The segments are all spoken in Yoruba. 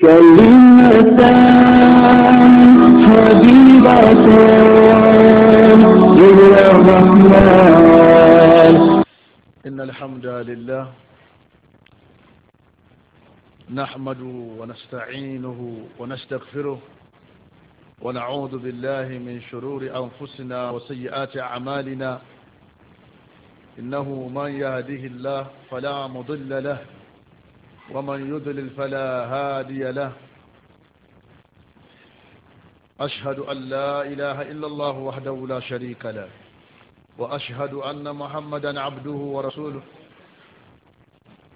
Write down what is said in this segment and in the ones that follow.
كلمتان حبيبتان إلى الرحمن إن الحمد لله نحمده ونستعينه ونستغفره ونعوذ بالله من شرور أنفسنا وسيئات أعمالنا إنه من يهده الله فلا مضل له ومن يدلل فلا هادي له أشهد أن لا إله إلا الله وحده لا شريك له وأشهد أن محمدا عبده ورسوله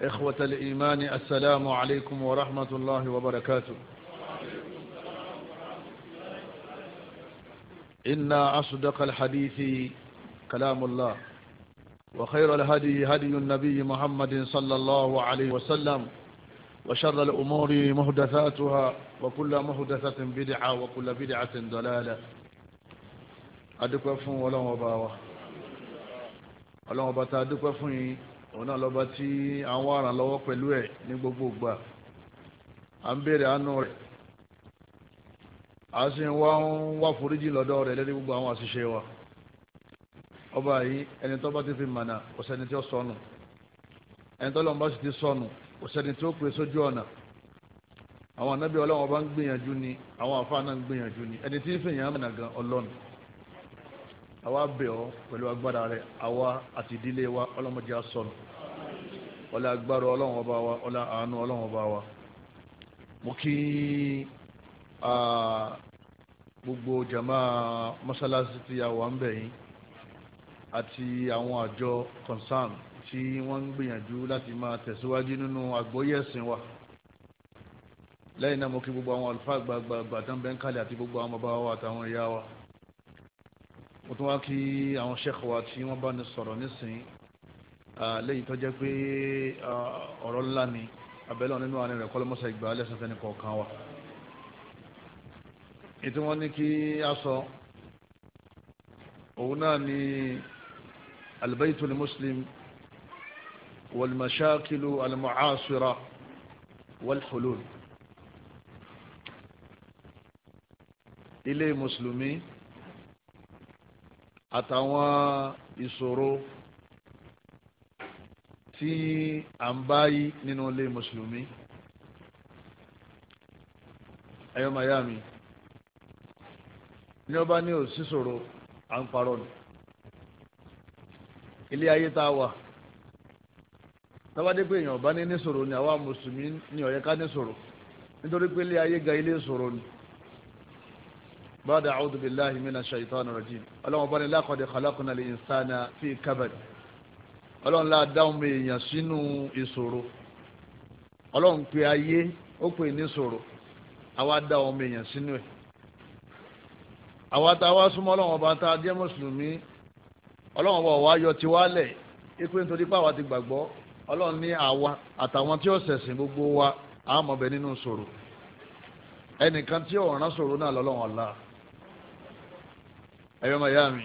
إخوة الإيمان السلام عليكم ورحمة الله وبركاته إن أصدق الحديث كلام الله وخير الهدي هدي النبي محمد صلى الله عليه وسلم وشر الأمور مهدثاتها وكل مهدثة بدعة وكل بدعة ضلالة adúpẹ́ a dúpẹ́ fún yìí òun náà lọ́ba tí à ń gbogbo ń wá foríjì gbogbo àwọn àṣìṣe wa ọba yìí ẹni tó bá ti fi mànà sọnù ẹni tó sì ti sọnù kò sẹ́ni tó pè sójú ọ̀nà àwọn anábì ọlọ́run ọba ń gbìyànjú ni àwọn àfáà náà ń gbìyànjú ni ẹni tí ń fìyàn mọ̀nà gan ọlọ́run àwa bẹ̀ ọ́ pẹ̀lú agbára rẹ̀ àwa àti ìdílé wa ọlọ́mọdé asọ̀nù ọlá agbára ọlọ́run ọba wa ọlá àánú ọlọ́run ọba wa mo kí gbogbo jama mọ́sálásí tí a wà ń bẹ̀ yín àti àwọn àjọ concern tí wọ́n ń gbìyànjú láti máa tẹ̀síwájú nínú àgbọ́yé ẹ̀sìn wa lẹ́yìn náà mo kí gbogbo àwọn àlùfáà gbàgbàgbà tán bẹ́ẹ̀ ń kalẹ̀ àti gbogbo àwọn bàbá wa àtàwọn ìyá wa mo tún wá kí àwọn sheikh wa tí wọ́n bá ní sọ̀rọ̀ nísìnyí lẹ́yìn tó jẹ́ pé ọ̀rọ̀ ńlá ni abẹ́lẹ́ nínú àárín rẹ̀ kọ́lọ́mọ́sá ìgbà lẹ́sìn fẹ́ni kọ̀ọ̀kan wa ètò wọn ní kí a sọ òun náà ni albaitul muslim والمشاكل المعاصرة والحلول ilé mùsùlùmí àtàwọn ìṣòro tí à ń báyìí nínú ilé mùsùlùmí ẹ̀yọ́ miami ní ọba ní òsísòro à ń parọ́ ni ilé ayé tá a wà. tọ́wádé pé èèyàn ní ni àwa mùsùlùmí ni ó ká níṣòro nítorí pé ilé ayé ga ilé ìṣòro ni ba'da a'udhu billahi na shaitani rajim ọlọ́run bá ní laqad khalaqnal insana fi kabad ọlọ́run la dáhùn mi èèyàn sínú ìṣòro ọlọ́run pé ayé ó pè ní àwa dáhùn mi èèyàn sínú ẹ̀ àwa tá a wá súnmọ́ ọlọ́run ọba tá a jẹ́ mùsùlùmí ọlọ́run ọba ọlọ́run ní àwa àtàwọn tí ó ṣẹ̀sìn gbogbo wa àmọ̀bẹ nínú sòrò ẹnìkan tí ọ̀ràn sòrò náà lọ́lọ́run ọ̀la ẹ̀yọ́ màyá mi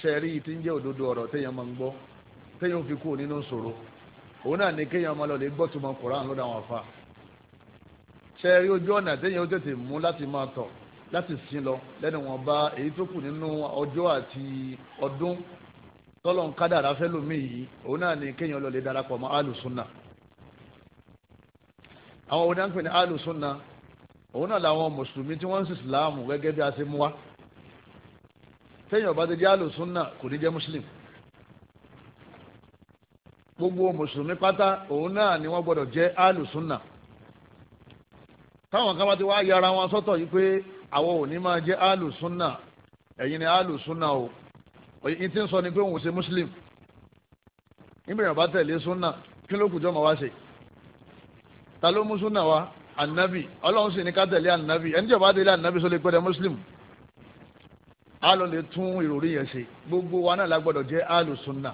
ṣe rí ti ń jẹ́ òdodo ọ̀rọ̀ téèyàn máa ń gbọ́ téèyàn fi kú nínú sòrò òun náà ní kéèyàn máa lọ lè gbọ́ túmọ̀ koran lọ́dọ̀ àwọn afa ṣe ojú ọ̀nà téèyàn ó tètè mú láti máa tọ̀ láti sin lọ lẹ́nu wọn bá èyí tó kù nínú ọjọ́ àti ọdún tọ́lọ̀ ń kádàrá fẹ́ yìí òun náà ni kéèyàn lọ lè darapọ̀ mọ́ alùsùnà àwọn òun náà ń pè ní alùsùnà òun náà làwọn mùsùlùmí tí wọ́n ń sìsì láàmù gẹ́gẹ́ bí a ṣe mú wa téèyàn bá ti jẹ́ alùsùnà kò ní jẹ́ mùsùlùmí gbogbo mùsùlùmí pátá òun náà ni wọ́n gbọ́dọ̀ jẹ́ alùsùnà táwọn kan bá ti wá yára wọn sọ́tọ̀ yìí pé àwọn òní máa jẹ́ alùsùnà ẹ̀yin ni alùsùnà o yìí ti ń sọ ni pé òun ò ṣe muslim níbẹ̀ yàrá bá tẹ̀lé súnà kí ló kù jọ́ ma wá ṣe ta ló mú súnà wá anabi ọlọ́run sì ní ká tẹ̀lé anabi ẹni tí ó tẹ̀lé anabi sọ lè pẹ́ muslim a lọ lè tún ìròrí yẹn ṣe gbogbo wa náà la gbọ́dọ̀ jẹ́ alu súnà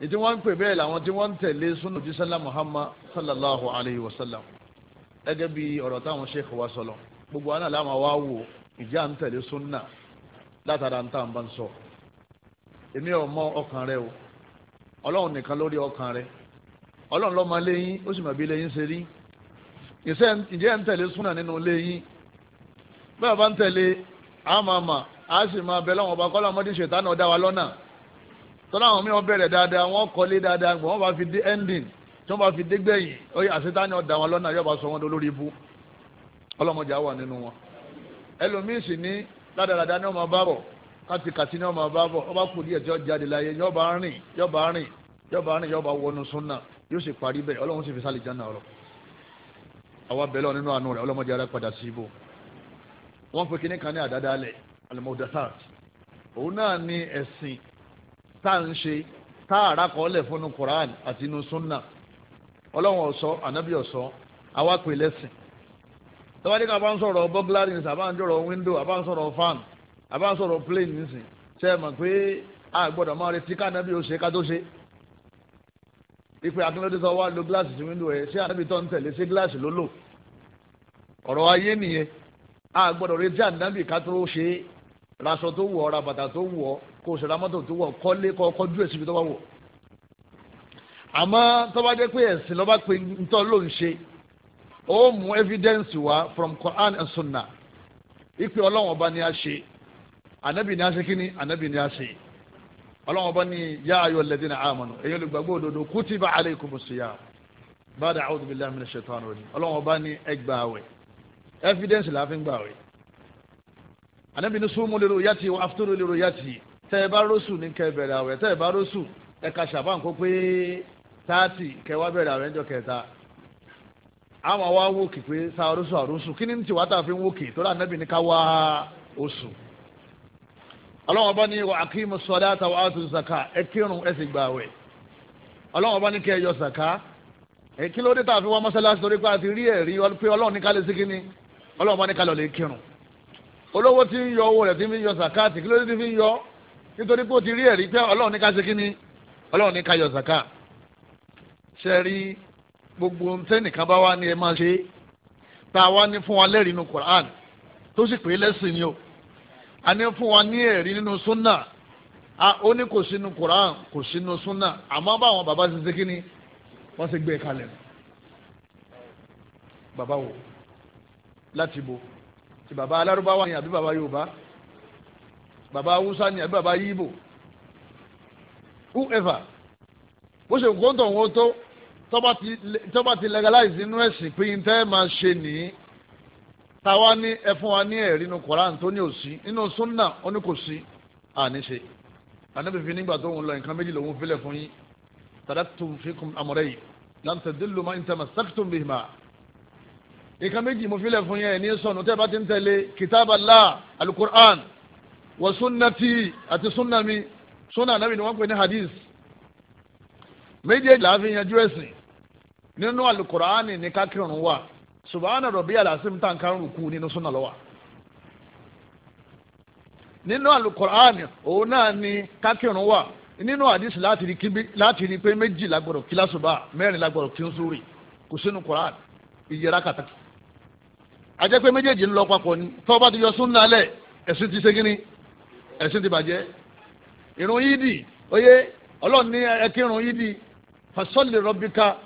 ìdí wọ́n ń pè bẹ́ẹ̀ làwọn tí wọ́n ń tẹ̀lé súnà ojú sálá muhammad sallallahu alayhi wa sallam gẹ́gẹ́ bí ọ̀rọ̀ táwọn sheikh wa sọlọ gbogbo wa náà làwọn wa wò ìjà ń tẹ̀lé súnà látara ń tà ń bá ń sọ. èmi ò mọ ọkàn rẹ o ọlọ́run nìkan lórí ọkàn rẹ ọlọ́run ló máa léyìn ó sì mọ bí léyìn ṣe rí ìjẹ́ ń tẹ̀lé súnà nínú léyìn bá tẹ̀lé a sì máa bẹ lọ́wọ́ ọba kọ́lá ọmọdé wa lọ́nà tọ́lá àwọn mìíràn bẹ̀rẹ̀ dáadáa wọ́n dáadáa gbọ́n wọ́n bá fi dé tí wọ́n wa lọ́nà sọ wọn lórí ibú ọlọ́mọdé á wà nínú káti kàti ní ọmọ bá bọ̀ ọba kù díẹ̀ tí ó jáde láyé yọba rìn yọba rìn yọba rìn yọba wọnú súnà yóò sì parí bẹ́ẹ̀ ọlọ́run sì fi sálì jẹ́ náà rọ. àwa bẹ̀rẹ̀ nínú àánú rẹ̀ ọlọ́mọdé ara padà sí ibò wọ́n pe kíní kan ní àdádálẹ̀ alimọ̀dását òun náà ni ẹ̀sìn tá à ń ṣe tá àrà kọ́lẹ̀ fúnnu Quran àti inú sunna ọlọ́run ọ̀sọ́ ànábì ọ̀sọ́ àwa pè lẹ́sìn tọ́wádìí kan bá ń sọ̀rọ̀ bọ́gláàrì àbá ń sọ̀rọ̀ wíńdò àbá ń sọ̀rọ̀ fáànù àbá sọ̀rọ̀ plane nísìn ṣe é mọ̀ pé a gbọ́dọ̀ máa retí kánábì ó ṣe ká tó ṣe ipe akínlódé sọ wá lo gíláàsì sí wíńdò ẹ ṣé ànábì tó ń tẹ̀lé ṣé gíláàsì ló lò ọ̀rọ̀ ayé nìyẹn a gbọ́dọ̀ retí ànábì ká tó ṣe raṣọ tó wọ̀ ra bàtà tó wọ̀ kó o ṣe ra mọ́tò tó wọ̀ kọ́lé kọ́ kọjú èsì ibi tó bá wọ̀ àmọ́ tó bá jẹ́ pé ẹ̀sìn lọ́ba pé ntọ́ ló ń ṣe ó mú evidence wá from Quran and Sunnah ipe ọlọ́wọ̀n ọba ni a ṣe anabi ni a ṣe kíni anabi ni a ṣe ọlọ́wọ́n bá ní yá ayọ̀ lẹ́dí ní àmọ́nù èyí ló gbàgbọ́ òdodo kutiba alaykum siyam báyìí a'udhu billahi minash shaitani rajim ọlọ́wọ́n bá ní ẹgbàáwẹ̀ evidence la fi ń gbàwẹ̀ anabi ní sumu liru yati wa afturu liru yati tẹ́ ẹ bá rọ́ṣù ní kẹ́ bẹ̀rẹ̀ àwẹ̀ tẹ́ ẹ bá rọ́ṣù ẹ ka ṣàbàn kó pé táàtì kẹ́ wá bẹ̀rẹ̀ àwẹ̀ ńjọ kẹta àwọn wa wókì pé sa rọ́ṣù àrọ́ṣù kí ọlọ́wọ́n bá ní wa akíyìmù sọ́dá àtàwọn àtúntò sàkà ẹ kírun ẹ ọlọ́wọ́n bá ní kẹ́ ẹ yọ sàkà ẹ kí tá a fi wá mọ́sálásí torí pé a ti rí ẹ̀rí pé ọlọ́run ní kálí síkí ni ọlọ́run bá ní kálọ̀ lè kírun olówó ti ń yọ owó rẹ̀ ti fi ń yọ sàkà àti kí ló ti fi ń yọ nítorí pé o ti rí ẹ̀rí pé ọlọ́run ní kálí síkí ni ọlọ́run ní kálọ̀ sàkà a ní fún wa ní ẹ̀rí nínú súnà a ó ní kò sínú koran kò sínú súnà àmọ́ báwọn bàbá ṣe ṣe kíni wọ́n ṣe gbé e kalẹ̀ bàbá wo láti bo ti bàbá alárúbáwá ni àbí bàbá yorùbá bàbá haúsá ni àbí bàbá yíbò whoever bó ṣe kó tó ń wo tó tọ́ba ti legalize nínú ẹ̀sìn pé n tẹ́ máa ṣe nìyí tàwa ní ẹ fún wa ní ẹ̀rí inú koran tó ní òsì inú sunna ó ní kò sí àní ṣe ànábìfin nígbà tó ń lọ nǹkan méjì lòún filẹ̀ fún yín taraktum fikum amrayn lan tadillu ma in tamassaktum bihima nǹkan méjì mo filẹ̀ fún yẹn ní sọnù tẹ́ bá ti ń tẹ̀lé kitaballah alukur'an wa sunnati àti sunna mi sunna anabi ni wọ́n pè ní hadith méjèèjì láàfin yanjú subahana rabi alasim tá n karùn kú nínú súnà lọ́wọ́ nínú ninu òun náà ni kákìrún wà nínú àdìsí láti rí pé méjì lágbọ̀dọ̀ kí lásùbà mẹ́rin lágbọ̀dọ̀ kí n súrì kò sínú quran ìyẹra rakata a je pe ń lọ papọ̀ ni ti ni ẹ̀sìn ti bàjẹ́ irun yídì oyè ọlọ́run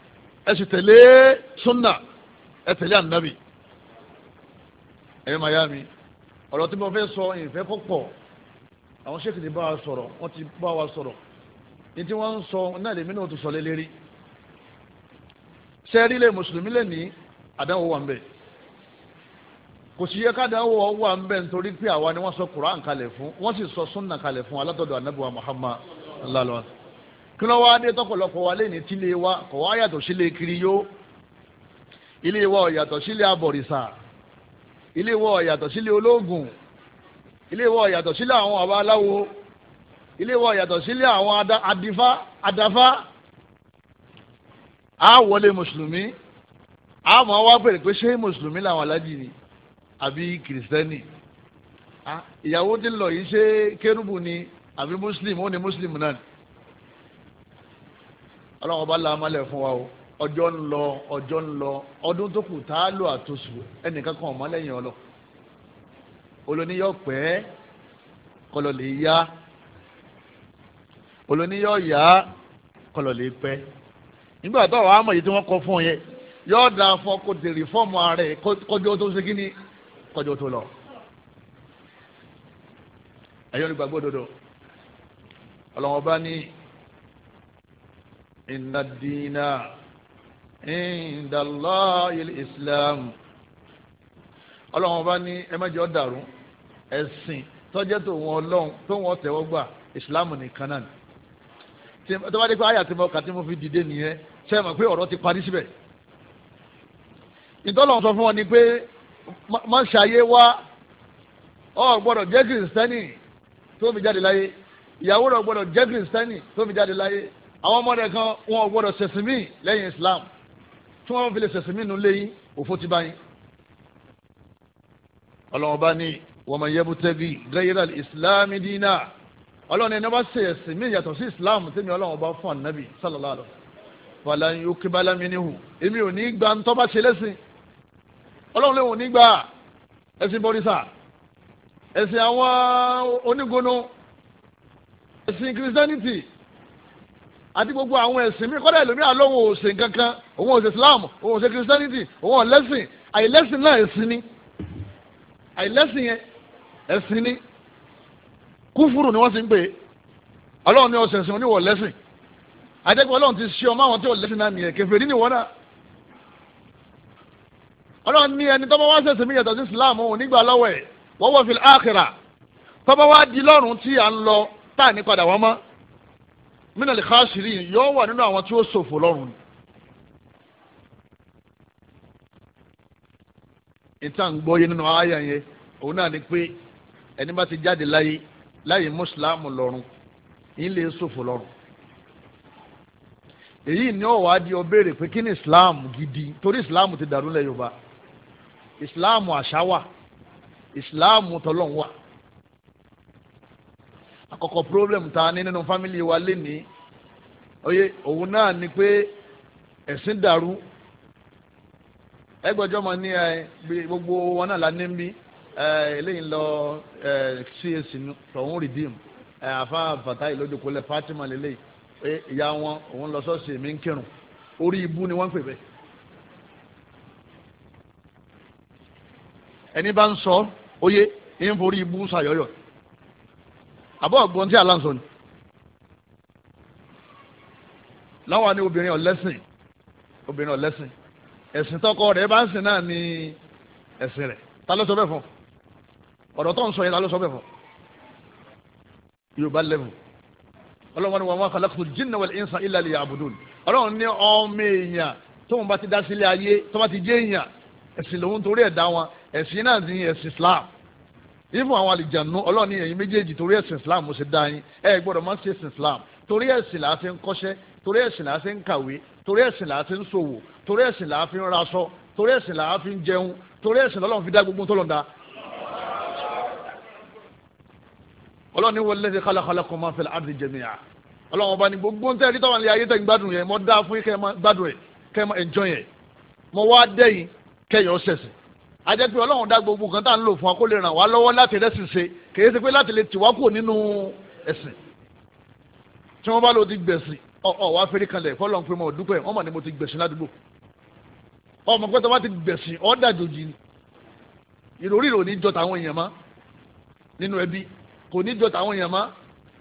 ẹ sì tẹ̀lé súnà ẹ tẹ̀lé ànábì ẹ̀yẹ́ mayami ọ̀rọ̀ tí mo fẹ́ sọ ìfẹ́ kọ́ pọ̀ àwọn ti bá wa sọ̀rọ̀ wọ́n sọ náà lèmi náà ti sọ lélẹ́rí sẹ́ẹ̀rí lè mùsùlùmí lè ní àdánwò wà ń bẹ̀ kò sí yẹ kádàáwò wà ń bẹ̀ ni wọ́n sọ Kùránì kalẹ̀ fún wọ́n sì Muhammad kí ló wáá dé tọ́pọ̀lọpọ̀ wa lé ní tílé wa kò wá yàtọ̀ sílé kiri yó ilé wa ò yàtọ̀ sílé abọ̀rìṣà ilé wa ò yàtọ̀ sílé ológun ilé wa ò yàtọ̀ sílé àwọn baba aláwo ilé wa ò yàtọ̀ sílé àwọn adífá adáfá a wọlé mùsùlùmí a mọ̀ wá pèrè pé ṣé mùsùlùmí làwọn alájì ni àbí kìrìsìtẹ́nì ìyàwó tí ń lọ yìí ṣé kérúbù ni àbí mùsùlùmí ó ní mùsùlùmí náà ni ọlọ́run ọba làmálẹ̀ fún wa o ọjọ́ ń lọ ọjọ́ ń lọ ọdún tó kù tá a lò àtòsù ẹnìkan kan ọ̀mọ́ lẹ́yìn ọlọ olóníyọ pẹ́ kọlọ̀ lè yá olóníyọ yá kọlọ̀ lè pẹ́ nígbà tó àwọn amọ̀ tí wọ́n kọ fún ọ yẹn da fún kó dèrè fọ́ọ̀mù ààrẹ kọjọ́ tó ṣe kí ni kọjọ́ tó lọ ẹ̀yọ́ nígbàgbọ́ dodo ọlọ́run ọba ní. إن الدين عند الله الإسلام ọlọ́run bá ní ẹ má jẹ́ ó dàrú ẹ̀sìn tọ́jẹ́ tó wọn ọlọ́run tó wọn tẹ̀wọ́ gbà ìsìláàmù nìkan náà ni tó bá dé pé àyà tí mo kà tí mo fi dìde nìyẹn ṣe é mọ̀ pé ọ̀rọ̀ ti parí síbẹ̀ ìtọ́lọ́run sọ fún wọn ni pé má ṣàyé wá ọ gbọ́dọ̀ jẹ́ kìrìsìtẹ́nì tó fi jáde láyé ìyàwó rẹ̀ gbọ́dọ̀ jẹ́ kìrìsìtẹ́nì tó fi jáde láyé àwọn ọmọdé kan wọn ò gbọdọ̀ ṣẹ̀sìn míì lẹ́yìn Islam tí wọ́n fi lè ṣẹ̀sìn míì nù léyìn òfò ti báyìí. ọlọ́wọ́n bá ní wa man yabtaghi ghayra al-Islami dina ọlọ́run ẹni wọ́n ṣe ẹ̀sìn mí yàtọ̀ sí Islam tẹ́mi ọlọ́run ọba fún ànábì sallallahu alaihi falan yuqbala minhu èmi ò ní gba ntọ́ bá ṣe lẹ́sìn ọlọ́run lè wọ́n ní gba ẹ̀sìn bọ́rísà ẹ̀sìn àwọn onígunnu ẹ̀sìn Christianity àti gbogbo àwọn ẹ̀sìn mi kọ́dà ìlòmí àlọ́wọ́ òsìn kankan òun òsìn Islam òun òsìn Christianity òun ọ̀lẹ́sìn àìlẹ́sìn náà ẹ̀sìn ni àìlẹ́sìn yẹn ẹ̀sìn ni kúfúrù ni wọ́n ti ń pè é ọlọ́run ní ọ̀sẹ̀ ẹ̀sìn oníwọ̀ lẹ́sìn àdẹ́gbẹ́ ọlọ́run ti ṣe ọmọ àwọn tí ò lẹ́sìn náà nìyẹn kèfèrí ni wọ́n náà ọlọ́run ní ẹni tọ́ba wá ṣẹ̀sìn mi yàtọ̀ sí Islam òun nígbà lọ́wọ́ ẹ̀ wọ́wọ́ fil akhirah tọ́ba wá di lọ́rùn tí à ń lọ táà ní padà wọ́n mọ́ mina lè káàsìrì yóò wà nínú àwọn tí ó ṣòfò lọ́rùn ni. ìtàn gbọ́yé nínú àyà yẹn òun náà ni pé ẹni bá ti jáde láyé láyé mùsùlùmù lọ́rùn yín lè ṣòfò lọ́rùn. èyí ni ó wàá di ọ pé kí ni islam gidi torí islam ti dàrú lẹ yorùbá islam àṣà wà islam tọlọ́hún wà àkọ́kọ́ problem ta ní nínú family wa lénìí oye òun náà ni pé ẹ̀sìn dàrú ẹgbẹ́jọ́ mọ̀ ní ẹ gbogbo wọn náà la ní bí eléyìí lọ CAC lọ́hún redeem àfa bàtà ìlójúkulẹ̀ Fatima lélẹ́yìí ìyá wọn òun lọ sọ́ọ̀sì mi ń kírun orí ibú ni wọ́n ń pè bẹ́ẹ̀. ẹni bá ń sọ oye ń forí ibú sàyọ̀yọ̀ àbọ̀ ọ̀gbọ́n tí aláǹsọ ni láwa ni obìnrin ọ̀lẹ́sìn obìnrin ọ̀lẹ́sìn ẹ̀sìn tọkọ rẹ̀ bá ń sìn náà ni ẹ̀sìn rẹ̀ ta ló sọ bẹ́ẹ̀ fún ọ̀dọ̀ tó ń sọ yẹn ta ló sọ bẹ́ẹ̀ fún yorùbá lẹ́vù ọlọ́run ni wọn wá khalaqtul jinna wal insa illa liya'budun ọlọ́run ní ọmọ èèyàn tóun bá ti dá sílé ayé tó bá ti jẹ́ èèyàn ẹ̀sìn lòun torí ẹ̀ dá wọn ẹ̀sìn náà ní ẹ̀sìn islam ìfún àwọn àlìjànú ọlọ́ọ̀ni ẹ̀yin méjèèjì torí ẹ̀sìn islam mo ṣe dá yín ẹ gbọ́dọ̀ má ṣe ẹ̀sìn islam torí ẹ̀sìn là á fi ń kọ́ṣẹ́ torí ẹ̀sìn là á fi ń kàwé torí ẹ̀sìn là á fi ń ṣòwò torí ẹ̀sìn là á fi ń raṣọ torí ẹ̀sìn là á fi ń jẹun torí ẹ̀sìn lọ́lọ́run fi dá gbogbo tó lọ́nda. ọlọ́ọ̀ni wọlé ṣe kálákálá kọ́ máa fẹ́ láti jẹ mìíràn ọlọ́run ajẹ́ pé ọlọ́run dá gbogbo nǹkan tá à ń lò fún wa kó lè ràn wá lọ́wọ́ láti rẹ́sìn ṣe kì í ṣe pé láti lè tì wá kù nínú ẹ̀sìn tí wọ́n bá lò ti gbẹ̀sìn ọ̀ wá fẹ́rí kanlẹ̀ fọlọ́n pé mo dúpẹ́ wọ́n mọ̀ ní mo ti gbẹ̀sìn ládùúgbò ọmọ pẹ́tọ́ bá ti gbẹ̀sìn ọ́ dàjòjì ni ìròrí rò ní jọta àwọn èèyàn má nínú ẹbí kò ní jọta àwọn èèyàn má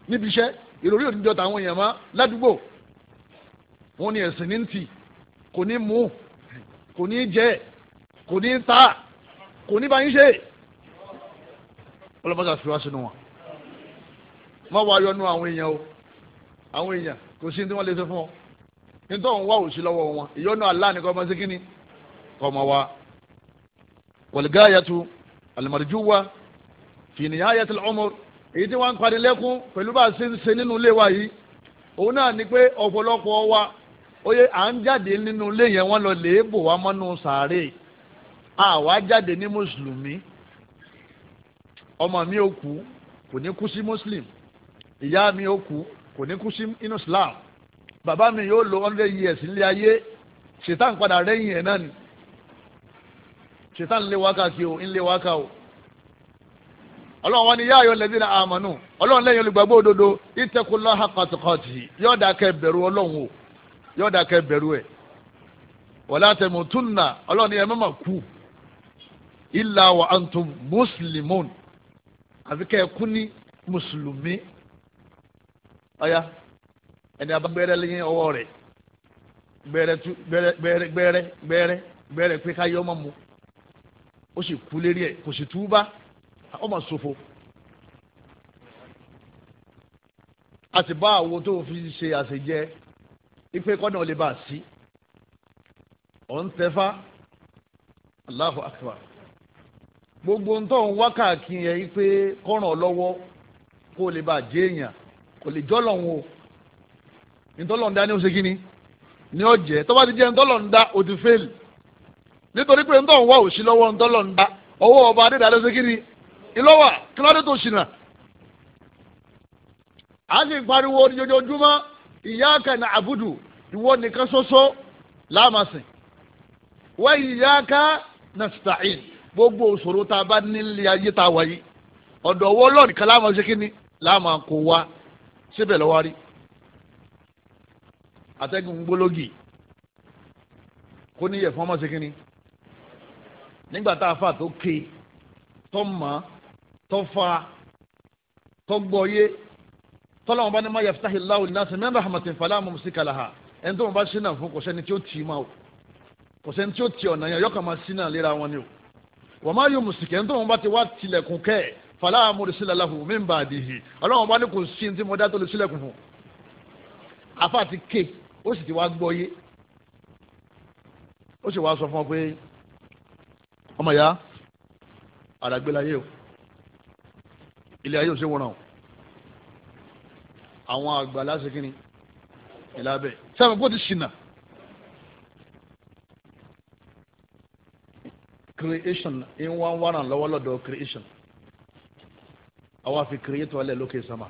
níbi iṣẹ́ ìròrí rò ní jọta èèyàn má ládùúgbò wọn ni ẹ̀sìn ní ń kò ní mú kò ní jẹ kò ní ta kò ní bá yín ṣe ọlọ́mọdé àfi wá sínú wọn má wàá yọnu àwọn èèyàn o àwọn èèyàn kò sí tí wọ́n lè ṣe fún ọ nítorí wọn wá òsì lọ́wọ́ wọn ìyọnu Allah ni kọ́ ọmọ sí kínní kọ́ ọmọ wa wal-gayatu al-marjuwa fi nihayati al-umr èyí tí wọ́n ń parí lẹ́kún pẹ̀lú bá a ṣe ń ṣe nínú ilé wa yìí òun náà ni pé ọ̀pọ̀lọpọ̀ wa ó yẹ à ń jáde nínú ilé yẹn wọ́n lọ lè bò wá mọ́nú sàárè àwa jáde ní mùsùlùmí ọmọ mi ò kú kò ní kú sí muslim ìyá mi ò kú kò ní kú sí inú islam bàbá mi yóò lo hundred years nílé ayé ṣètàn padà rẹ́yìn ẹ̀ náà ni ṣètàn lé wákà kí o ńlé wákà o ọlọ́run wọn ni yá ayọ̀ lẹ́bí náà àmọ́nù ọlọ́run lẹ́yìn olùgbàgbọ́ òdodo ìtẹ́kùnlọ́hà kọ̀tìkọ̀tì yóò dà kẹ́ bẹ̀rù ọlọ́run o yóò dà kẹ́ bẹ̀rù illa wa antum muslimun àfi kẹ́ ẹ kú ní mùsùlùmí ọ̀ya ẹni abagbẹ́rẹ́ lẹ́yìn ọwọ́ rẹ̀ gbẹ́rẹ́ tú gbẹ́rẹ́ gbẹ́rẹ́ gbẹ́rẹ́ gbẹ́rẹ́ pé ká yọ ọmọ mu ó sì kú lérí ẹ̀ kò sì túbá ọmọ ṣòfò a sì bá àwo tó fi ṣe àṣejẹ ipe kọ́nà lè bá a sí ọ̀ ń tẹ́fà Allahu akbar gbogbo ń tọ́hún wákàkì yẹn yìí pé kọ́ràn lọ́wọ́ kó lè bá jẹ́ èèyàn kò lè jọ́lọ̀ wọn o ìtọ́lọ̀ ń dá ní oṣù kínní ní ọ̀jẹ̀ tó bá ti jẹ́ ìtọ́lọ̀ ń dá o ti fẹ́ẹ̀lì nítorí pé ìtọ́hún wà òsì lọ́wọ́ ìtọ́lọ̀ ń dá ọwọ́ ọba adéda ló ṣe kínní ìlọ́wà kí lọ́dún tó ṣìnà. a sì ń pariwo ojoojúmọ́ iyyaka na'budu ìwọ nìkan ṣoṣo láàmásìn wa iyyaka nasta'in gbogbo òṣòro tá a bá nílé ayé tá a wáyé ọ̀dọ̀ ọwọ́ ọlọ́ọ̀nì kan láwọn ṣe kínní láwọn kò wá síbẹ̀ lọ́wọ́ rí atẹ́gùn gbólógì kó níyẹ̀ fún ọmọ ṣe kínní nígbà tá a fà tó ké tó mọ̀ tó fa tó gbọ́yé tọ́lọ́wọ́n bá ní má yaftahi Allahu linnasi min rahmatin fala mumsika ha, ẹni tó wọn bá ṣínà fún kò sẹ́ni tí ó tì í máa kò sẹ́ni tí ó tì ọ̀nà yẹn yọkàn máa ṣínà léra wọn wọ́n máa yọ mùsìkì ẹni tó wọn bá ti wá tilẹ̀kùn kẹ́ ẹ̀ fàlà àmúrísílẹ̀láhùn mí bá àdìhì ọlọ́run bá ní kò sí ní tí mo dá tó lè sílẹ̀kùn fún afa ti ké ó sì ti wá gbọ́ yé ó sì wá sọ fún ọ pé ọmọ ìyá àràgbélayé o ilé ayé ò ṣe wòran o àwọn àgbà lásìkò ni ìlà bẹ́ẹ̀ sẹ́wọ̀n kó ti ṣìnà creation ń one ń wárán lọ́wọ́ lọ́dọ̀ creation àwa fi create wọlé lókè sama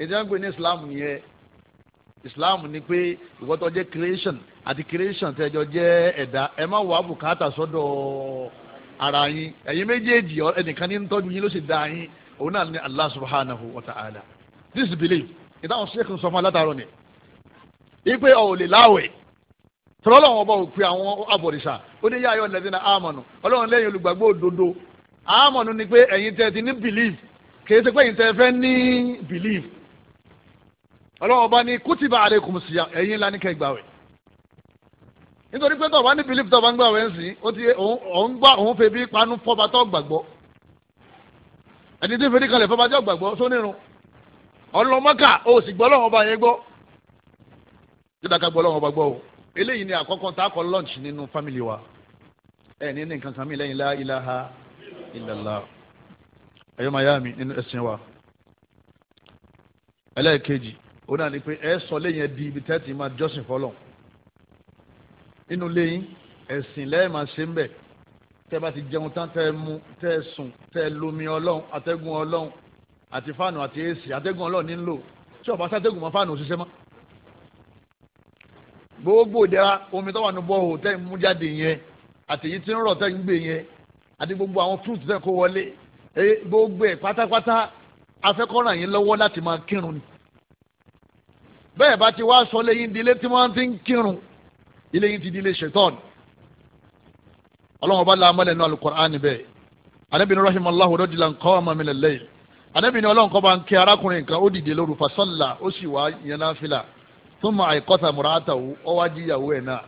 ìdí wọn gbé ní islam yẹn islam ni pé ìwọ tó jẹ́ creation àti creation tẹ́jọ jẹ́ ẹ̀dá ẹ má wàá bùkátà sọ́dọ̀ ara yín ẹ̀yin méjèèjì ẹnìkan ní tọ́jú yín ló sì dá yín òun náà ní allah subhanahu wa ta'ala this belief ìdáhùn sèkùn sọfún alátàrọ ni ipe ọ̀ ò lè láwẹ̀ tọ́lọ́ lọ́wọ́ ọba òkú àwọn abọ̀rìṣà ó ní yáyọ lẹ́sìn àmọ̀nù ọlọ́run lẹ́yìn olùgbàgbọ́ òdodo àmọ̀nù ni pé ẹ̀yin tẹ́ ti ní belief kì í ṣe pé ẹ̀yin tẹ́ fẹ́ ní belief ọlọ́run ọba ní kútìbà àlékún sí ẹ̀yin ńlá ní kẹgbàwẹ̀ nítorí pé tọ́ba ní belief tọ́ba ń gbàwẹ̀ ń sìn ó ti òun gbà òun fẹ́ panu fọba gbàgbọ́ ẹni eléyìí ni àkọ́kọ́ tá a kọ́ lunch nínú family wa ẹ ní ní nǹkan kan mi lẹ́yìn la ilaha illallah ayọ́mayá mi nínú ẹ̀sìn wa ẹlẹ́ẹ̀kejì ó náà ní pé ẹ sọ lẹ́yìn ẹ di ibi tẹ́tì máa jọ́sìn fọlọ́ nínú lẹ́yìn ẹ̀sìn lẹ́yìn máa ṣe ń bẹ̀ tẹ́ bá ti jẹun tán tẹ́ mu tẹ́ sùn tẹ́ lómi ọlọ́run atẹ́gùn ọlọ́run àti fáànù àti èsì atẹ́gùn ọlọ́run nílò tí ọ̀bá sátẹ́gùn mọ́ gbogbo ìdẹ́ra omi tó wà ní bọ́ọ̀ tẹ́ ń mú jáde yẹn àtẹ̀yí tí ń rọ̀ tẹ́ ń gbé yẹn àti gbogbo àwọn fruit tẹ́ kó wọlé gbogbo ẹ̀ pátápátá afẹ́kọ́ràn yín lọ́wọ́ láti máa kírun ni. bẹ́ẹ̀ bá ti wá sọ lẹ́yìn di ilé tí wọ́n ti ń kírun ilé yín ti di ilé ṣètọ́ọ̀nù. ọlọ́run bá la amọ́lẹ̀ nínú Al-Qur'an bẹ́ẹ̀ anábìíní rahim allah rọ́jìlá nǹkan ọmọ mi lẹ́lẹ́yìn anábìíní ọlọ́run kọ́ bá ń kí arákùnrin kan ó dìde lóru fasọ́là ó sì wá yẹn náà fìlà tún mọ àìkọ́ta mùràtà ọ wá jíyàwó ẹ̀ náà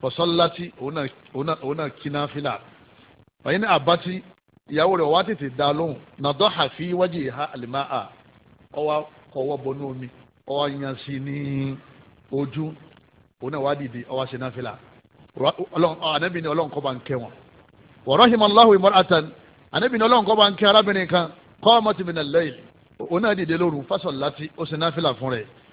fọ̀sọ́láti òun náà kíná fílà ọ̀yìn àbátí ìyàwó rẹ̀ wá tètè dá lóhùn nàdọ́ àfi wájú ìhà àlìmáà ọ wá kọwọ́ bọnú omi ọ wá yan sí ní ojú òun náà wá dìde ọ wá ṣe náà fílà ah, ànábì ni ọlọ́run kọ́ bá ń kẹ́ wọn. wọ̀rọ̀ himallahu imra'atan ànábì ni ọlọ́run kọ́ bá ń kẹ́ arábìnrin kan qamat min al-layl òun náà dìde lóru fásọ̀láti ó ṣe náà fílà fún rẹ̀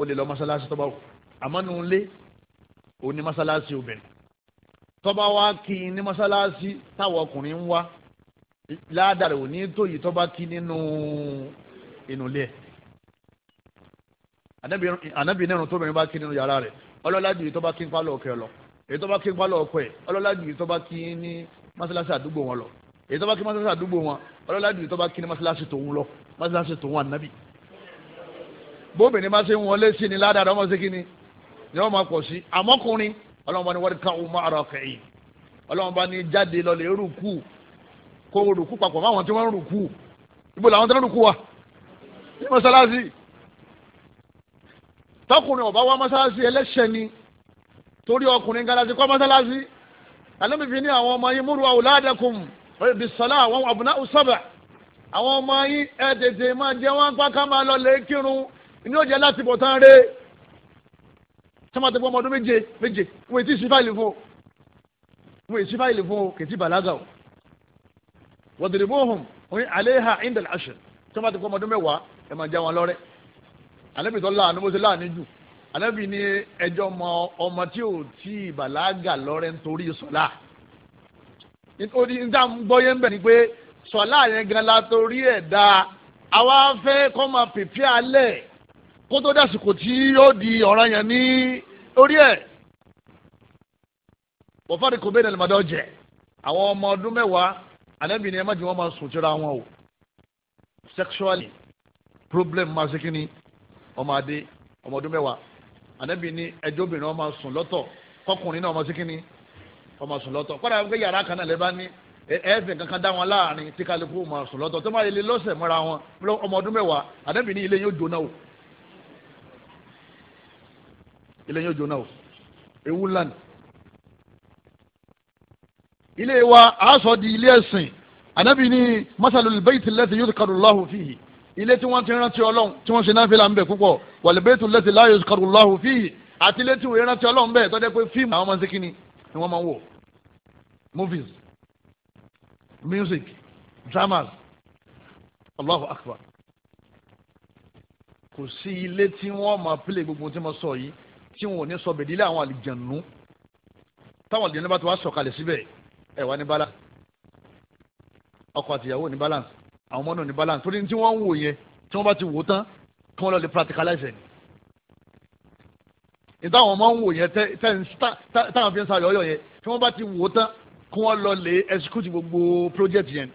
ó lè lọ mọ́sálásí tó bá wù àmọ́ nínú ilé òun ni mọ́sálásí obìnrin tó bá wá kí i ní mọ́sálásí táwọn ọkùnrin ń wá ládàrá ò ní tó yìí tó bá kí nínú inú ilé ẹ̀ ànábì nínú tóbìnrin bá kí nínú yàrá rẹ̀ ọlọ́lá ju yìí tó bá kí ń pálọ̀ ọkẹ́ lọ èyí tó bá pálọ̀ ọkọ ẹ̀ ọlọ́lá yìí tó bá ní mọ́sálásí àdúgbò wọn lọ èyí tó bá kí àdúgbò wọn ọlọ́lá yìí tó bá kí ní mọ́sálásí tòun lọ mọ́sálásí tòun ànábì bóbìnrin bá ṣe ń wọlé sí ni ládàá ọmọ sí kí ni ni wọ́n máa pọ̀ sí àmọ́kùnrin ọlọ́run bá ní wọ́n ká ọmọ ara ọ̀kẹ́ yìí ọlọ́run bá ní jáde lọ lè rúkú kó rúkú papọ̀ máwọn tí wọ́n ń rúkú ibo làwọn tí wọ́n ń rúkú wa ní mọ́sálásí tọkùnrin ọba wa mọ́sálásí ẹlẹ́ṣẹ̀ ni torí ọkùnrin galasi kọ́ mọ́sálásí alámìfin ní àwọn ọmọ yín múru àwòládẹ́kùn bisalá àwọn àbùnà ọ̀sọ́bà àwọn ọmọ yín ẹ̀ tètè máa jẹ́ wọn pá máa lọ lè kírun ní ó jẹ́ láti bọ̀ tán ré sọ́mà tó gbọ́ ọmọ ọdún méje méje wọ́n ti ṣí fáìlì fún o wọ́n ti ṣí fáìlì fún o kì í ti bàlágà o wadribuhum oyin aleha indal ashr sọ́mà tó gbọ́ ọmọ ọdún mẹ́wàá ẹ̀ máa já wọn lọ́rẹ́ alẹ́bí tó láàánú bó ṣe láàánú jù alẹ́bí ni ẹjọ́ ọmọ ọmọ tí ò tí ì bàlágà lọ́rẹ́ nítorí sọ́lá nítorí níta gbọ́yé ń bẹ̀ ni pé sọ́lá yẹn gan la torí ẹ̀ dáa àwa fẹ́ kọ́ máa pèpè alẹ́ kó tó dásìkò tí yóò di ọ̀ràn yẹn ní orí ẹ̀ wọ́fàdì kò bẹ́ẹ̀ nàlùmọ́dọ́ jẹ àwọn ọmọ ọdún mẹ́wàá ànábì ni ẹ má jẹ́ wọ́n máa sùn síra wọn o sexually problem máa ṣe kínní ọmọ adé ọmọ ọdún mẹ́wàá ànábì ni ẹjọ́ obìnrin ọmọ sùn lọ́tọ̀ kọkùnrin náà ọmọ sí kínní ọmọ sùn lọ́tọ̀ kọ́dà wípé yàrá kan náà lè bá ní ẹ̀ẹ́fẹ̀ kankan dá wọn láàrin tí kálukú máa sùn lọ́tọ̀ tó má yẹ lé lọ́sẹ̀ mọ́ra wọn ọmọ ọdún mẹ́wàá ànábì ni ilé yóò jóná o ilé yóò jóná o ewu ńlá ni ilé wa aṣọ di ilé ẹ̀sìn anabi ni masalul bayti lati yudhkaru Allahu fihi ilé tí wọ́n ti rántí ọlọ́run tí wọ́n ṣe náfìlà ń bẹ̀ púpọ̀ wal baytu lati la yudhkaru Allahu fihi àti ilé tí wọ́n rántí ọlọ́run bẹ̀ tọ́jú pé fíìmù àwọn máa ń ni wọ́n máa ń wò movies music dramas Allahu akbar kò sí ilé tí wọ́n máa pílè gbogbo tí mo sọ yìí tí wọn ò ní sọ bèdílé àwọn àlìjànú táwọn àlìjànú bá ti wá sọ̀kalẹ̀ síbẹ̀ ẹ̀ wá ní balance ọkọ àtìyàwó ní balance àwọn ọmọ náà ní balance torí tí wọ́n ń wò yẹn tí wọ́n bá ti wò tán kí wọ́n lọ lè practicalize ẹ̀ ní táwọn ọmọ ń wò yẹn táwọn fi ń sa yọ̀ọ́yọ̀ yẹn tí wọ́n bá ti wò tán kí wọ́n lọ lè execute gbogbo project yẹn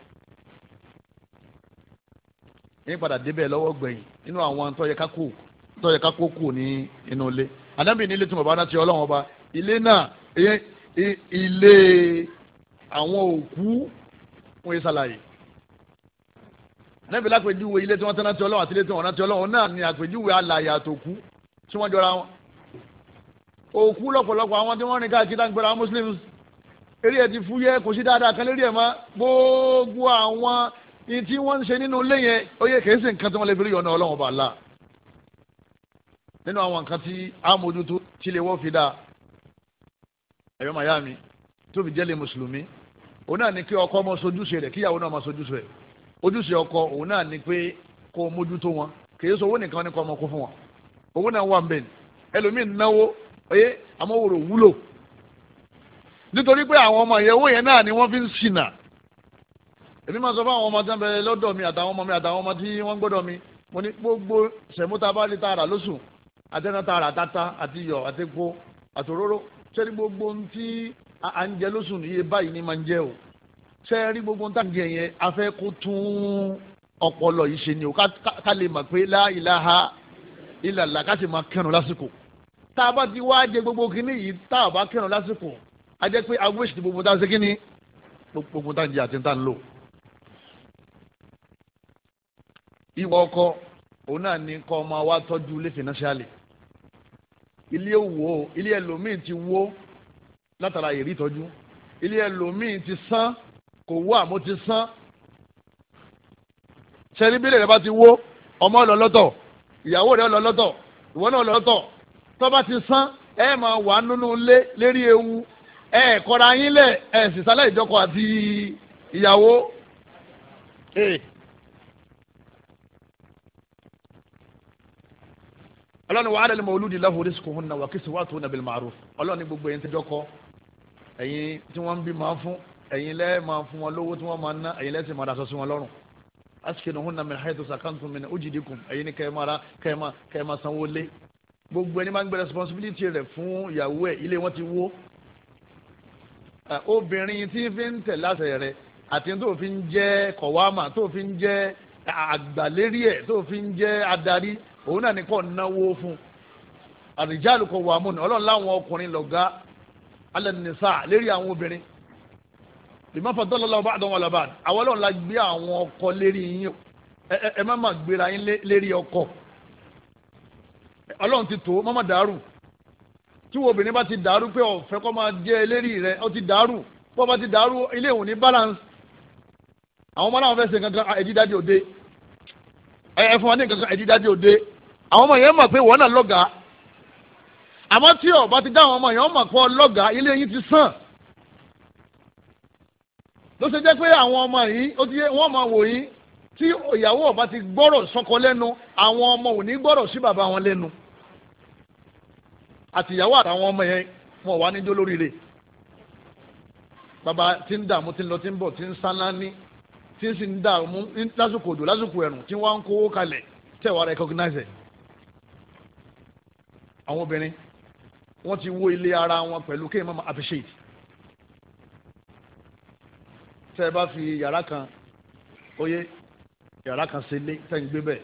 ní padà débẹ̀ lọ́wọ́ gbẹ̀yìn nínú àwọn tó yẹ ká kó kù ní inú ilé anábì nílé tí mo bá rántí ọlọ́run ọba ilé náà ilé àwọn òkú wọn ṣàlàyé anábì lápèjúwe ilé tí wọ́n tán rántí ọlọ́run àti ilé tí wọ́n rántí ọlọ́run náà ni àpèjúwe alàyè àtòkú tí wọ́n jọra wọn òkú lọ́pọ̀lọpọ̀ àwọn tí wọ́n rìn káàkiri tá ń gbéra muslims eré ẹ̀ ti fúyẹ́ kò sí dáadáa kan lérí ẹ̀ mọ́ gbogbo àwọn ní tí wọ́n ń ṣe nínú ilé yẹn ó yẹ kèé nǹkan tí wọ́n lè fi rí ọ̀nà ọlọ́run ọba Allah nínú àwọn nǹkan tí a mójútó tí lè wọ́n fi dáa ẹ̀yọ́ màyá mi tó fi jẹ́ lè mùsùlùmí òun náà ni kí ọkọ ọmọ sojúṣe rẹ̀ kíyàwó náà ọmọ sojúṣe rẹ̀ ojúṣe ọkọ òun náà ni pé kó o mójútó wọn kìí sọ owó nìkan ni kó ọmọ kó fún wọn owó náà wà mbẹ́ni ẹlòmíín náwó oyè amówòrò wúlò nítorí pé àwọn ọmọ yẹn yẹn náà ni wọ́n fi ń ṣìnà èmi máa sọ fún àwọn ọmọ tí wọ́n bẹ lọ́dọ̀ mi àtàwọn ọmọ mi àtàwọn ọmọ tí wọ́n gbọ́dọ̀ mi mo ní gbogbo sẹ̀mú bá rí tá lóṣù àtẹnata rà tata àti iyọ̀ àti epo àtòróró sẹ́ni gbogbo ohun tí à ń jẹ lóṣù níye báyìí ni máa ń jẹ o sẹ́ni gbogbo ohun tá à ń jẹ yẹn a fẹ́ kó tún ọpọlọ yìí ṣe ni o ká lè mọ̀ pé láìláha ìlàlà ká sì máa kẹrun lásìkò tá a bá ti wá jẹ gbogbo kínní yìí tá a bá kẹrun lásìkò a jẹ pé awéṣì gbogbo tá ṣe kínní gbogbo tá jẹ àti tá lò. ìwọ ọkọ òun náà ni kọ́ ọmọ wa tọ́jú lẹ́fẹ̀ẹ́ náà ṣáàlì ilé wo ilé ẹlòmíì ti wo látara ìrí tọ́jú ilé ẹlòmíì ti sán kò wó àmọ́ ti sán sẹ́ni rẹ bá ti wo ọmọ lọ lọ́tọ̀ ìyàwó rẹ lọ lọ́tọ̀ ìwọ náà lọ lọ́tọ̀ tó ti sán ẹ máa wà nínú ilé lérí ewu ẹ kọra yín lẹ ẹ sì sálẹ̀ ìjọkọ̀ àti ìyàwó. ọlọ́ni wa alẹ́ mọ̀lúdi lahu rizquhunna wa kiswatuhunna bil ma'ruf ọlọ́ni gbogbo ẹ̀yin tẹ́jọ́ kọ́ ẹ̀yin tí wọ́n ń bí máa fún ẹ̀yin lẹ́ẹ̀ máa fún wọn lówó tí wọ́n máa ná ẹ̀yin lẹ́ẹ̀ sì máa daṣọ sí wọn lọ́rùn askinuhunna min haythu sakantum min ujidikum ẹ̀yin ni kẹ́ẹ̀mára kẹ́ẹ̀má kẹ́ẹ̀má sanwó lé gbogbo ẹni máa ń gbé responsibility rẹ̀ fún ìyàwó ẹ̀ ilé òun náà ní kò náwó fún àrìjáàlù kò wà múni ọlọ́run láwọn ọkùnrin lọ́gá alẹ́ nìsá lérí àwọn obìnrin bímọ fọdọ́lọ́ lọ́wọ́ bá àdánwò alábàd àwọn ọlọ́run la gbé àwọn ọkọ lérí yín ẹ má má gbéra yín lérí ọkọ ọlọ́run ti tó mọ́mọ́ dàrú tí wo obìnrin bá ti dàrú pé ọ̀fẹ́ kọ́ máa jẹ́ lérí rẹ ọ ti dàrú bọ́ bá ti dàrú ilé ìwọ̀n ní balance àwọn ọmọ náà fẹ́ ṣe nǹkan kan ah, ẹ̀dídádé òde ẹ̀ fún wa àwọn ọmọ yẹn mọ̀ pé wọ́n náà lọ́gàá àmọ́ tí ọba ti dá àwọn ọmọ yẹn mọ̀ pọ̀ lọ́gàá ilé yín ti sàn ló ṣe jẹ́ pé àwọn ọmọ yìí ó ti yẹ wọ́n máa wò yín tí ìyàwó ọba ti gbọ́rọ̀ sọ́kọ lẹ́nu àwọn ọmọ ò ní gbọ́rọ̀ sí bàbá wọn lẹ́nu àtìyàwó àtàwọn ọmọ yẹn wọn wà níjó lóríire bàbá tí ń dààmú tí ń lọ tí ń bọ̀ tí ń sáná ní tí ń sì ń dààmú lásìkò òdò lásìkò ẹ̀rùn tí wọ́n ń kówó kalẹ̀ tẹ̀wá recognize it àwọn obìnrin wọ́n ti wó ilé ara wọn pẹ̀lú kéèyàn máa appreciate tẹ́ ẹ bá fi yàrá kan oyé yàrá kan ṣe lé tẹ́ ń gbé bẹ́ẹ̀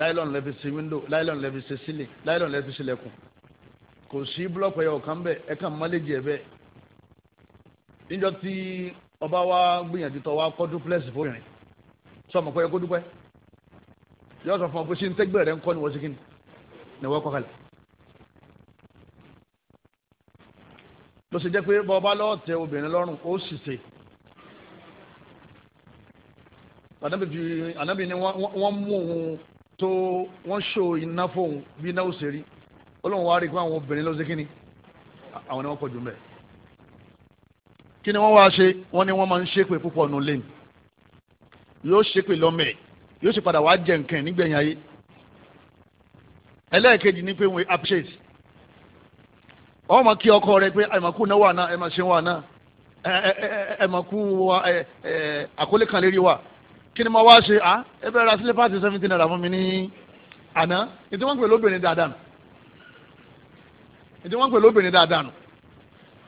láìlọ́nù lẹ́fi ṣe window láìlọ́nù lẹ́fi ṣe ceiling láìlọ́nù lẹ́fi ṣe lẹ́kùn kò sí búlọ́ọ̀kù ẹ̀yọ̀ kan bẹ́ẹ̀ ẹ̀ kàn mọ́lẹ́jì ẹ̀ bẹ́ẹ̀ níjọ́ tí ọba wa gbìyànjú tọ́ wa kọ́ duplex fóbìnrin sọmọ pé ẹ kó dúpẹ́ yọ sọ fún ọ pé ṣé ń tẹ́gbẹ́ ń kọ́ ni wọ́n ṣe kí ni ni wọ́n kọ́ kalẹ̀ ló ṣe jẹ́ pé bọ́ọ̀bá lọ́ọ́ tẹ obìnrin lọ́rùn ó sì tè ànábì ni wọ́n mú òun tó wọ́n ṣó iná fóun bí iná ó ṣe rí olóhùn wa rí i pé àwọn obìnrin ló ṣe kí ni àwọn ni wọ́n pọ̀ jù mẹ́ kí ni wọ́n wá ṣe wọ́n ní wọ́n máa ń ṣépè púpọ̀ nù lẹ́yìn yóò ṣépè lọ́mẹ̀ yóò sì padà wá jẹ nǹkan nígbẹ̀yìn ayé ẹlẹ́ẹ̀kejì ni pé wọ́n appreciate ọ ma kí ọkọ rẹ pé ẹ ma kú náà wà náà ẹ ma ṣe wà náà ẹ ma kú àkólé kan lérí wa kí ni mo wá ṣe à ẹ bẹ ra sílípàsì seventeen naira fún mi ní àná ètò wọn pè lóbìnrin dáadáa nù ètò wọn pè lóbìnrin dáadáa nù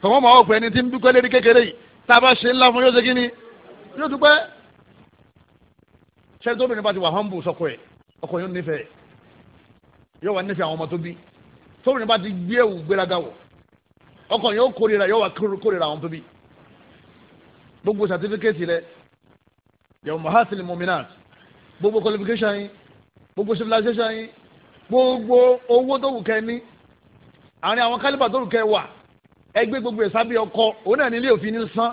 tọwọ́ ma wọ́n pẹ́ ẹni tí ń dúpẹ́ lérí kékeré yìí tá a bá ṣe ńlá fún yóò ṣe kí ni yóò dúpẹ́ ṣé tóbìnrin bá ti wà humble sọkọ ẹ ọkọ yóò nífẹ̀ẹ́ yóò wà nífẹ̀ẹ́ àwọn ọmọ tó bí tóbìnrin bá ti gbé ẹ̀wù gbéraga wọ̀ ọkàn yóò kórira yóò wá kórira àwọn tóbi gbogbo sàtífíkẹ́tì rẹ yàwó mahatil muminat gbogbo qualification yín gbogbo civilization yín gbogbo owó tó wù kẹ́ ní àárín àwọn kálíbà tó wù kẹ́ wà ẹgbẹ́ gbogbo ìsábì ọkọ òun náà ní ilé òfin ní sán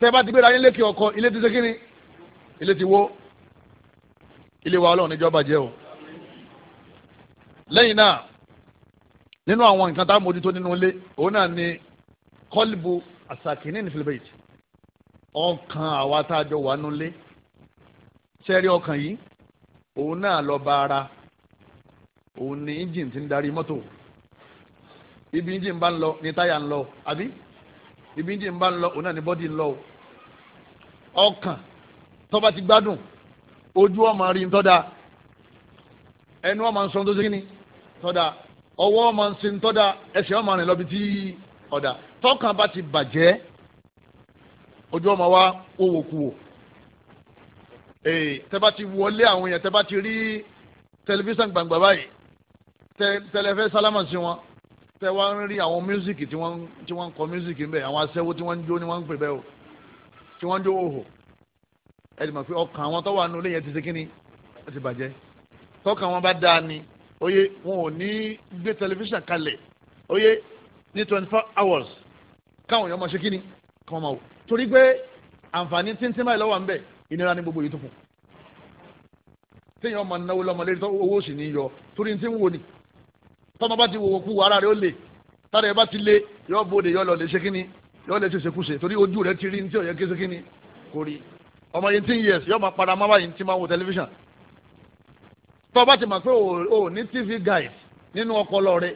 tẹ́ bá ti gbéra yín lékè ọkọ ilé ti ṣe kíni ilé ti wó ilé wa ọlọ́run níjọba jẹ́ o lẹ́yìn náà. nínú àwọn nǹkan tá a mójútó nínú ilé òun náà ni kọ́líbù ní filibéètì ọkàn àwa tá a jọ wà nínú ilé sẹ́rí ọkàn yìí òun ni engine ti ń darí mọ́tò ibi engine bá ń lọ ni táyà ń lọ àbí ibi engine bá ń lọ òun náà ni bọ́dì ń lọ ọkàn tó ti gbádùn ojú ọmọ rí ń da ẹnu ọmọ ń sọ tó ṣe ni tọ́ da. ọwọ́ ọmọ ń sin tọ́da ẹsẹ̀ ọmọ rìn lọ́bi tí ọ̀dà tọ́kàn bá ti bàjẹ́ ojú ọmọ wa wòwò kú wò ee tẹ́ bá ti wọlé àwọn èèyàn tẹ́ bá ti rí tẹlifíṣàn gbangba báyìí tẹlẹfẹ sálámà sí wọn tẹ́ wá ń rí àwọn mísíkì tí wọ́n kọ mísíkì ń bẹ àwọn aṣẹ́wó tí wọ́n ń jó ni wọ́n ń pè bẹ́ẹ̀ o tí wọ́n ń jó òhò ẹ lè mọ̀ pé ọkàn àwọn tó wà nínú ilé ti ṣe kí ni ẹ ti bàjẹ́ tọ́kàn wọn bá dáa ni oye wọn ò ní gbé tẹlifíṣàn kalẹ̀ oye ní twenty four hours káwọn èèyàn máa ṣe kíni káwọn máa wò torí pé àǹfààní tíntín báyìí lọ́wọ́ à ń bẹ̀ ìnira ní gbogbo yìí tó kù téèyàn máa náwó lọ́mọdé owó sì ní yọ torí tí ń wò ni tọ́mọ bá ti wò wọ́n kú ara rẹ̀ ó lè tára ẹ bá ti lé yọ bóde yọ lọ lè ṣe kíni yọ lè ṣe ṣekúṣe torí ojú rẹ̀ ti rí ní tí ò yẹ kí ṣe kíni kò rí ọmọ yìí ti ń yẹ yọ máa padà má báyìí ti máa wo tẹlifíṣàn tó o bá ti mọ̀ pé o ní tv guide nínú ọpọlọ rẹ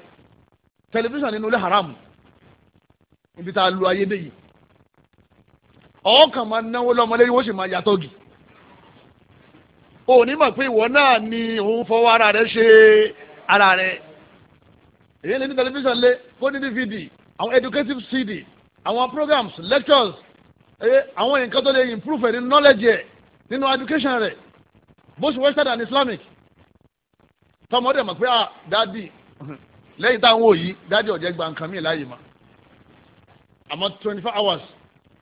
tẹlifíṣàn nínú ilé haram ibi tá a lu ayé dé yìí ọ̀ọ́kàn máa náwó lọ́mọlé wọ́n sì máa yàtọ̀ gì o ní mọ̀ pé ìwọ náà ni òun fọwọ́ ara rẹ ṣe ara rẹ èyí lè ní tẹlifíṣàn lé kó ní dvd àwọn educative cd àwọn programs lectures àwọn nǹkan tó lè improve ẹ̀ ní knowledge ẹ̀ nínú education rẹ̀ both western and islamic tọmọdé mọ̀ pé ah, dádì lẹ́yìn táwọn òyì dádì ọ̀jẹ̀ gba nǹkan mi láàyè mọ́ àmọ́ twenty four hours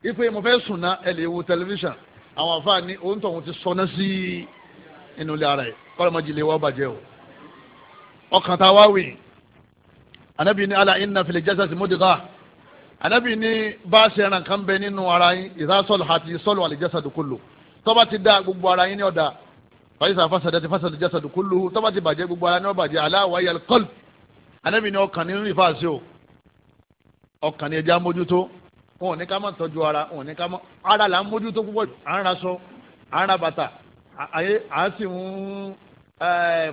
ipe mo fẹ́ sùn náà ẹ lè wo tẹlifíṣàn àwọn àfáà ní òun tó òun ti sọná sí inú ilé ara ẹ̀ kọ́lọ́mọ́jì lè wá bàjẹ́ o ọkàn tá a wá wì anabi ni ala inna fil jasad mudgha anabi ni bá a ṣe ẹran kan bẹ nínú ara yín idha salahat salaha al jasad kullu tó bá ti dá gbogbo ara yín ní ọ̀dà fàyísà fásadà ti fásadà jásàdù kúlù tọ́ba ti bàjẹ́ gbogbo ara ní wọ́n bàjẹ́ aláwa yẹ kọ́lù anábì ni ọkàn ni rìn fáàsì o ọkàn ní ẹja mójútó wọn ò ní ká ara wọn ò ní ara là ń mójútó púpọ̀ à ń ra aṣọ à ń ra bàtà àyè à ń sì ń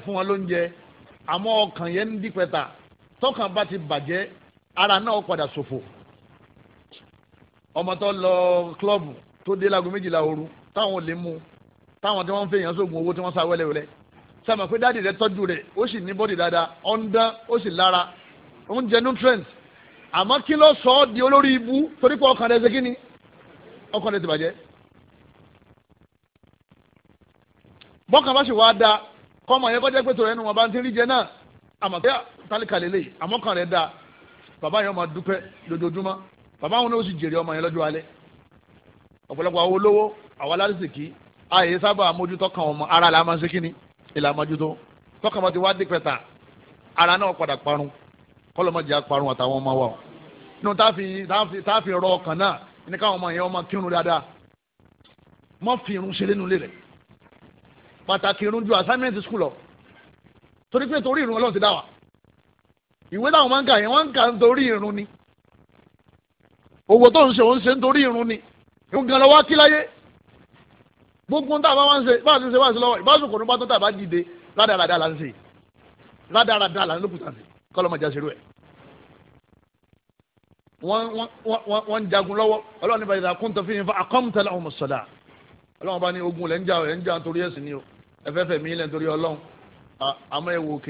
fún wọn lóúnjẹ àmọ́ ọkàn yẹn ń dípẹ́ta tọ́kàn bá ti bàjẹ́ ara náà padà ṣòfò ọmọ tó lọ kílọ̀bù tó dé láago méjìlá òru táwọn lè mú táwọn tí wọ́n ń fi èèyàn sóògùn owó tí wọ́n sá wẹ́lẹ́wẹ́lẹ́ sábà pé dáàdì rẹ tọ́jú rẹ ó sì ní bọ́dì dáadáa ọ̀ndán ó sì lára oúnjẹ nutrient àmọ́ kí ló sọ ọ́ di olórí ibú torí pé ọkàn rẹ ṣe kí ni ọkàn rẹ ti bàjẹ́. bọ́kàn bá sì wá da kọ́mọ yẹn kọ́jà pé tòun wọn bá ń ti rí jẹ náà àmọ́ pé tálíkà lélẹ̀ àmọ́ kàn rẹ da bàbá yẹn ọmọ dúpẹ́ lójoojúmọ́ bàbá wọn ó sì jèrè ọmọ yẹn lọ́jọ́ alẹ́ ọ̀pọ̀lọpọ̀ àwọn olówó àwọn alárìsìkì àyè sábà mójútó kan ọmọ ara là máa ń ṣe kínní ìlà mójútó tọkàn bá ti wá dípẹ́ta ara náà padà parun kọlọmọdé àparun àtàwọn ọmọ wa o inú táàfin táàfin rọ ọkàn náà ní káwọn ọmọ yẹn ọmọ kírun dáadáa mọ fi irun ṣe lẹ́nu lé rẹ pàtàkì irun ju assignment school lọ torí pé torí irun Ọlọ́run ti dá wa ìwé táwọn máa ń kà yẹn wọ́n ń kà nítorí irun ni owó tó ń ṣe òun ṣe nítorí irun ni òun gan lọ wá kí láyé gbogbo ń tàbá wá ń ṣe bá àti ṣe wá sí lọ́wọ́ ìbáṣepọ̀ ní bàtọ́ tàbá dìde rádaràdà là ń ṣe rádaràdà là ń lókùtà ṣe kọ́lọ́mọ jà ṣerú ẹ̀. wọ́n ń jagun lọ́wọ́ ọlọ́run nípa ìdá kúntà fi fa àkọ́mùtà làwọn mọ̀sọ̀dà ọlọ́run bá ní ogun lẹ́ ń jà ẹ̀ ń jà torí ẹ̀sìn ni o ẹ̀fẹ́ fẹ̀mí ilẹ̀ nítorí ọlọ́run àmọ́ ẹ̀wò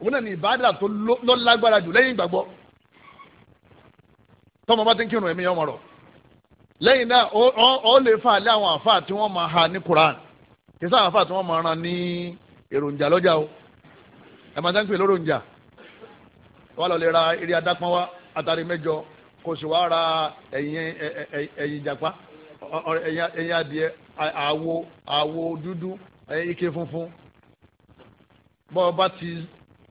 òun náà ní ìbádà tó lọ lágbára jù lẹ́yìn ìgbàgbọ́ tọ́mọ bá ti ń kírun ẹ̀mí ọmọ rọ̀ lẹ́yìn náà ó lè fa àlẹ́ àwọn àfa tí wọ́n máa ha ní Quran kì í sáà àfa tí wọ́n máa ran ní èròjà lọ́jà o ẹ̀ máa dáńpẹ́ lóròjà wà lọ lè ra eré adápọ́n wá àtàrí mẹ́jọ kò sì wá ra ẹ̀yìn ìjàpá ẹ̀yìn adìẹ àwo àwo dúdú ike funfun bọ́ọ̀ bá ti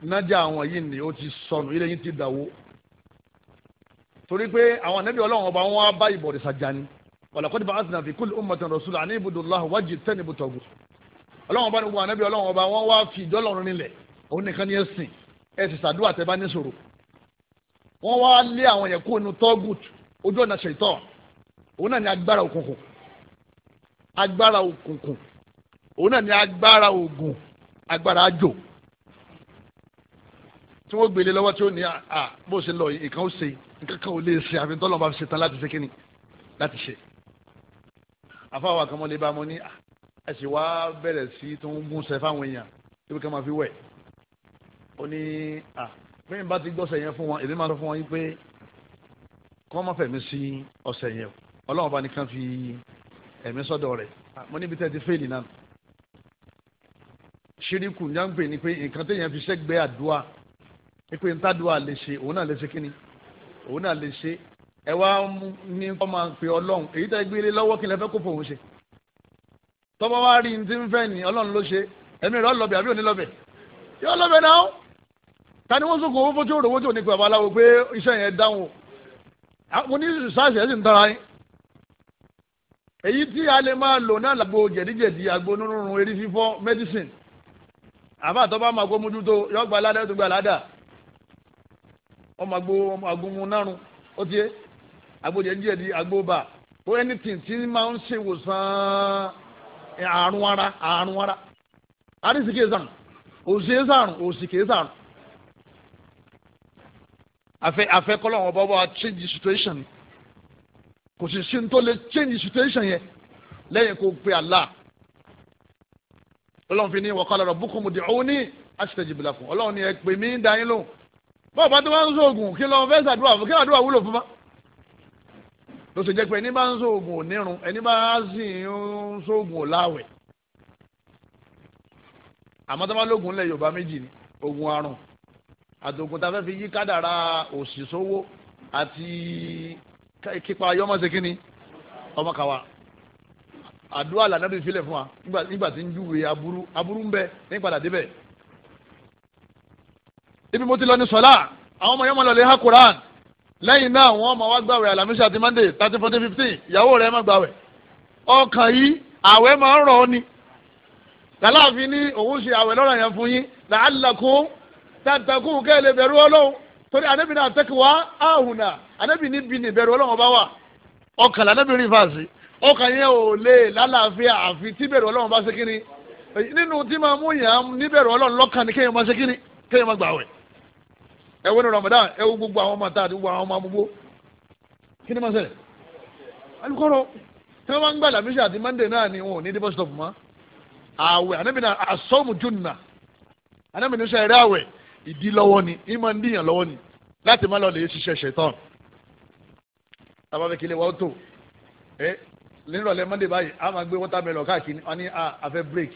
nájà àwọn yìí ni ó ti sọnù ilé yìí ti dàwó torí pé àwọn ànábì ọlọ́run ọba wọn á bá ìbọ̀rìṣà jà ni walaqad ba'athna fi kulli ummatin rasula an ibudu Allah wajtanibu taghut ọlọ́run ọba ni gbogbo ànábì ọlọ́run ọba wọn wá fi ìjọlọ́run nílẹ̀ òun nìkan ni ẹ sìn ẹ sì sàdúrà tẹ bá ní sòrò wọn wá lé àwọn yẹn kó inú taghut ojú ọ̀nà ṣètọ́ òun náà ni agbára òkùnkùn agbára òkùnkùn òun náà ni agbára ògùn agbára àjò tí wọ́n gbélé lọ́wọ́ tí ó ní à bó ṣe lọ nǹkan ó ṣe nǹkan kan ò lè ṣe àfi tọ́lọ́ bá ṣe tán láti ṣe kíni láti ṣe. àfáwọn àkànmọ́lé bá mo ní ẹ sì wá bẹ̀rẹ̀ sí tó ń gúnṣẹ́ fáwọn èèyàn ibi kan máa fi wẹ̀. ó ní à bẹ́ẹ̀ bá ti gbọ́sẹ̀ yẹn fún wọn èmi máa sọ fún wọn yín pé kí wọ́n fẹ̀mí sí ọ̀sẹ̀ yẹn ọlọ́run bá nìkan fi ẹ̀mí sọ́dọ̀ rẹ̀ mo níbi tẹ́ ti fẹ́ẹ̀lì náà ṣíríkù ní à ń pè ní pé nǹkan téèyàn fi ṣẹ́gbẹ́ àdúrà pé ntàdúrà lè ṣe òun náà lè ṣe kíni òun náà lè ṣe ẹ wá ní kọ́ máa pe ọlọ́run èyí tẹ́ gbélé lọ́wọ́ kí n lè fẹ́ kó fòun ṣe tọ́ba wá rí ti ń fẹ́ ni ọlọ́run ló ṣe ẹ̀mí rẹ̀ ọlọ́bẹ̀ àbí onílọ́bẹ̀ yóò lọ́bẹ̀ náà ta ni wọ́n sọ̀kò owó fojú òrò wọ́jọ́ nípa babaláwo pé iṣẹ́ yẹn dáhùn mo ní ṣáàṣì ẹ̀sìn tara yín èyí tí a lè máa lò náà làgbo jẹ̀díjẹ̀dí àgbo nínú eré fífọ́ mẹ́dísìn àbá àtọ́ba máa gbó mójútó yọ gba aládàá tó gba aládàá ọmọ àgbo ọmọ àgùnmu nárun ó ti yé àgbo di àgbo ó anything tí máa ń ṣe ìwòsàn eh, àrùn ara àrùn ara àrísí kìí sàrùn òsì kìí sàrùn òsì kìí sàrùn àfẹ àfẹ kọlọ wọn bá wà change the situation kò sì sí tó lè change the situation yẹn lẹ́yìn kó pe Allah Ọlọ́run fi ní wa qala rabbukum ud'uni astajib lakum Ọlọ́run ni ẹ pè mí dáyín lóhùn bọ́ọ̀ bá tó bá ń sóògùn kí lọ́ọ́ fẹ́ sàdúrà fún kí àdúrà wúlò fún bá ló sì jẹ́ pé ẹni bá ń sóògùn onírun ẹni bá sì ń sóògùn láwẹ̀ àmọ́ tó bá lóògùn lẹ̀ Yorùbá méjì ni oògùn àrùn àtògùn tá a fẹ́ fi yí kádàrá òsì àti kípa ayọ́mọ́sẹ̀ kínní ọmọ kàwá àdúrà lànà filẹ̀ fún wa nígbà tí ń júwe aburú aburú ń bẹ ní débẹ̀ ibi mo ti lọ ní sọlá àwọn ọmọ yẹn mọ lọlẹ ha koran lẹ́yìn náà wọn ọmọ wa gbàwẹ̀ alamisa àti mande thirty forty fifteen ìyàwó rẹ̀ má gbàwẹ̀ ọkàn yìí àwẹ̀ máa ń rọ ọ ni làlàáfin ní òun ṣe àwẹ̀ lọ́rọ̀ yẹn fún yín làálàkùn tàǹtàkùn kẹ́lẹ̀ bẹ̀rù ọlọ́run torí anabi náà tẹ́kíwá ahùnà anabi ní bìíní bẹ̀rù ọlọ́run bá wà ọkàn lànàbì rí fàásì ọkàn yẹn ò lè lálàáfíà àfi tí bẹ̀rù ọlọ́run bá ṣe kíni nínú tí máa mú yàn án níbẹ̀rù ọlọ́run lọ́kàn ni kéèyàn máa ṣe kíni kéèyàn máa gbàwẹ̀ ẹ wo ní Ramadan ẹ wo gbogbo àwọn ọmọ tá àti gbogbo àwọn ọmọ gbogbo kí ni máa ṣẹlẹ̀ alukọ́rọ̀ tí wọ́n máa ń gbà làmísì àti mande náà ni wọn ò ní débọ̀ stop mọ́ àwẹ̀ anábìnrin asọ́mù júnà anábìnrin sọ ẹ̀rẹ́ àwẹ̀ ìdí lọ́wọ́ ni ìmọ̀ ń díyàn lọ́wọ́ ni láti má lọ lè ṣiṣẹ́ ṣetán abafẹ́ kele wa ó tò ẹ nírọ̀lẹ́ mọ́ndé báyìí a máa gbé wọ́tàmẹ́lọ̀ káàkiri wọn a àfẹ́ break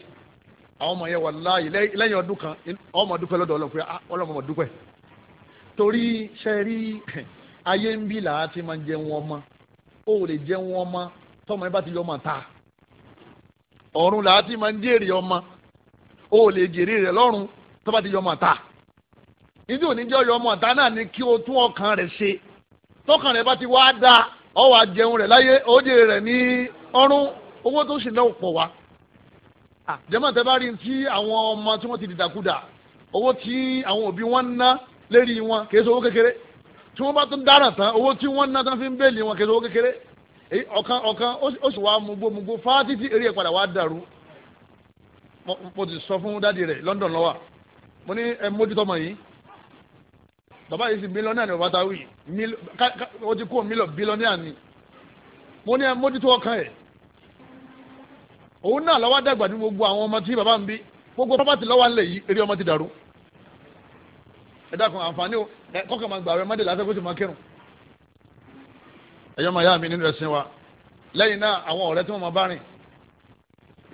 àwọn ọmọ yẹn wà láàyè lẹ́yìn ọdún kan ọmọ dúpẹ́ lọ́dọ̀ ọlọ́pẹ́ ah, ọlọ́mọ dúpẹ́ torí ṣe rí ayé ń bí làá ti máa jẹun ọmọ ó lè jẹun ọmọ tọmọ ẹ bá ti yọ ọmọ ta ọ̀run làá ti máa jèrè ọmọ ó lè jèrè rẹ lọ́run tó bá ti yọ ọmọ ta ìdí òní jẹ́ ọyọ ọmọ ta náà ni kí o tún ọkàn rẹ̀ ṣe tọkàn rẹ̀ bá ti wá dáa ọ wà jẹun rẹ̀ láyé ó jèrè rẹ̀ ní ọ̀run owó tó sì náà pọ̀ wá jẹ́mọ̀ bá rí ti àwọn ọmọ tí wọ́n ti dìdàkudà owó tí àwọn òbí wọn ń ná lérí wọn kìí sọ owó kékeré tí wọ́n bá tún dára tán owó tí wọ́n ná tán fi ń bẹ́ẹ̀lì wọn kìí sọ owó kékeré ọ̀kan ọ̀kan ó sì wá mugbó mugbó fáátì tí eré padà wá dàrú mo ti sọ fún dáàdi rẹ̀ London lọ́wọ́ mo ní ẹ mójútó ọmọ yìí bàbá yìí sì mílíọ̀nù ní ọ̀bátá wì ó ti kó mílíọ̀ bílíọ̀nù ní mo ní ẹ mójútó ọkàn ẹ̀ òun náà lọ́wọ́ dàgbà ní gbogbo àwọn ọmọ tí bàbá ń bí gbogbo pápá ti lọ́wọ́ ńlẹ̀ yìí eré ọmọ ti dàrú ẹ dákun àǹfààní o kọ́kọ́ máa gbà mọ́dé lásán kó sì máa kírun. ẹ̀yọ́ màá yá mi nínú ẹ̀sìn wa lẹ́yìn náà àwọn ọ̀rẹ́ tí wọ́n máa bá rìn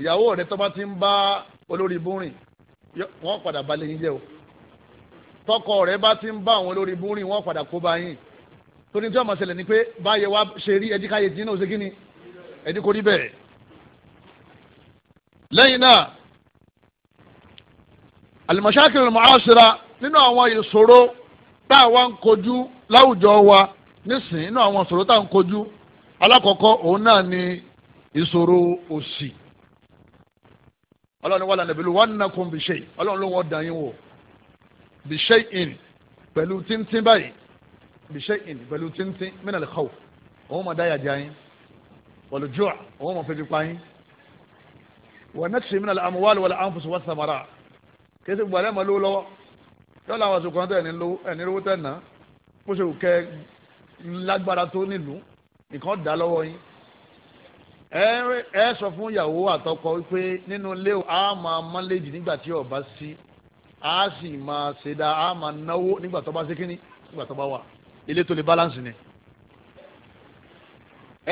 ìyàwó ọ̀rẹ́ tó ti ń bá olórí ibú rìn wọ́n padà balẹ̀ yín jẹ́ o tọkọ ọ̀rẹ́ bá ti ń bá àwọn olórí ibú rìn wọ́n padà kó bá yín torí tí wọ́n máa ṣẹlẹ̀ ni pé báyẹ̀ wá ṣe rí ẹdíkáyé tí náà ṣe kí ẹdí kò rí bẹ́ẹ̀ lẹ́yìn náà al-mashakil nínú àwọn ìṣòro tá a wá ń kojú láwùjọ wa nísìn nínú àwọn ìṣòro tá a ń kojú alákọ̀ọ́kọ́ òun náà ni ìṣòro òṣì ọlọ́run wàlànà ìbílú wọn nà kún bìṣe ọlọ́run ló wọ́n dàn yín wò bìṣe in pẹ̀lú tíntín báyìí bìṣe in pẹ̀lú tíntín mínà lè kọ́wò òun máa dáyà já yín wọ̀lú jùà òun máa fẹ́jú pa yín wọ̀n náà mínà lè amúwálì wọ̀lẹ̀ àǹfọ̀sọ̀ wọ́n sàmàrà kí ẹ ti gbọ́dọ̀ máa lówó lọ́wọ́ yọ̀ọ́ làwọn àsìkò kan tẹ̀ ní lówó ẹ̀ ní lówó tẹ̀ ná bó ṣe kẹ́ lágbára tó nílùú nìkan dá lọ́wọ́ yín ẹ sọ fún ìyàwó àtọkọ wípé nínú ilé a máa mọ́lẹ́jì nígbà tí ó bá sí a sì máa ṣe dáa a máa náwó nígbà tó bá sí kínní nígbà tó bá wà ilé tó lè balance ni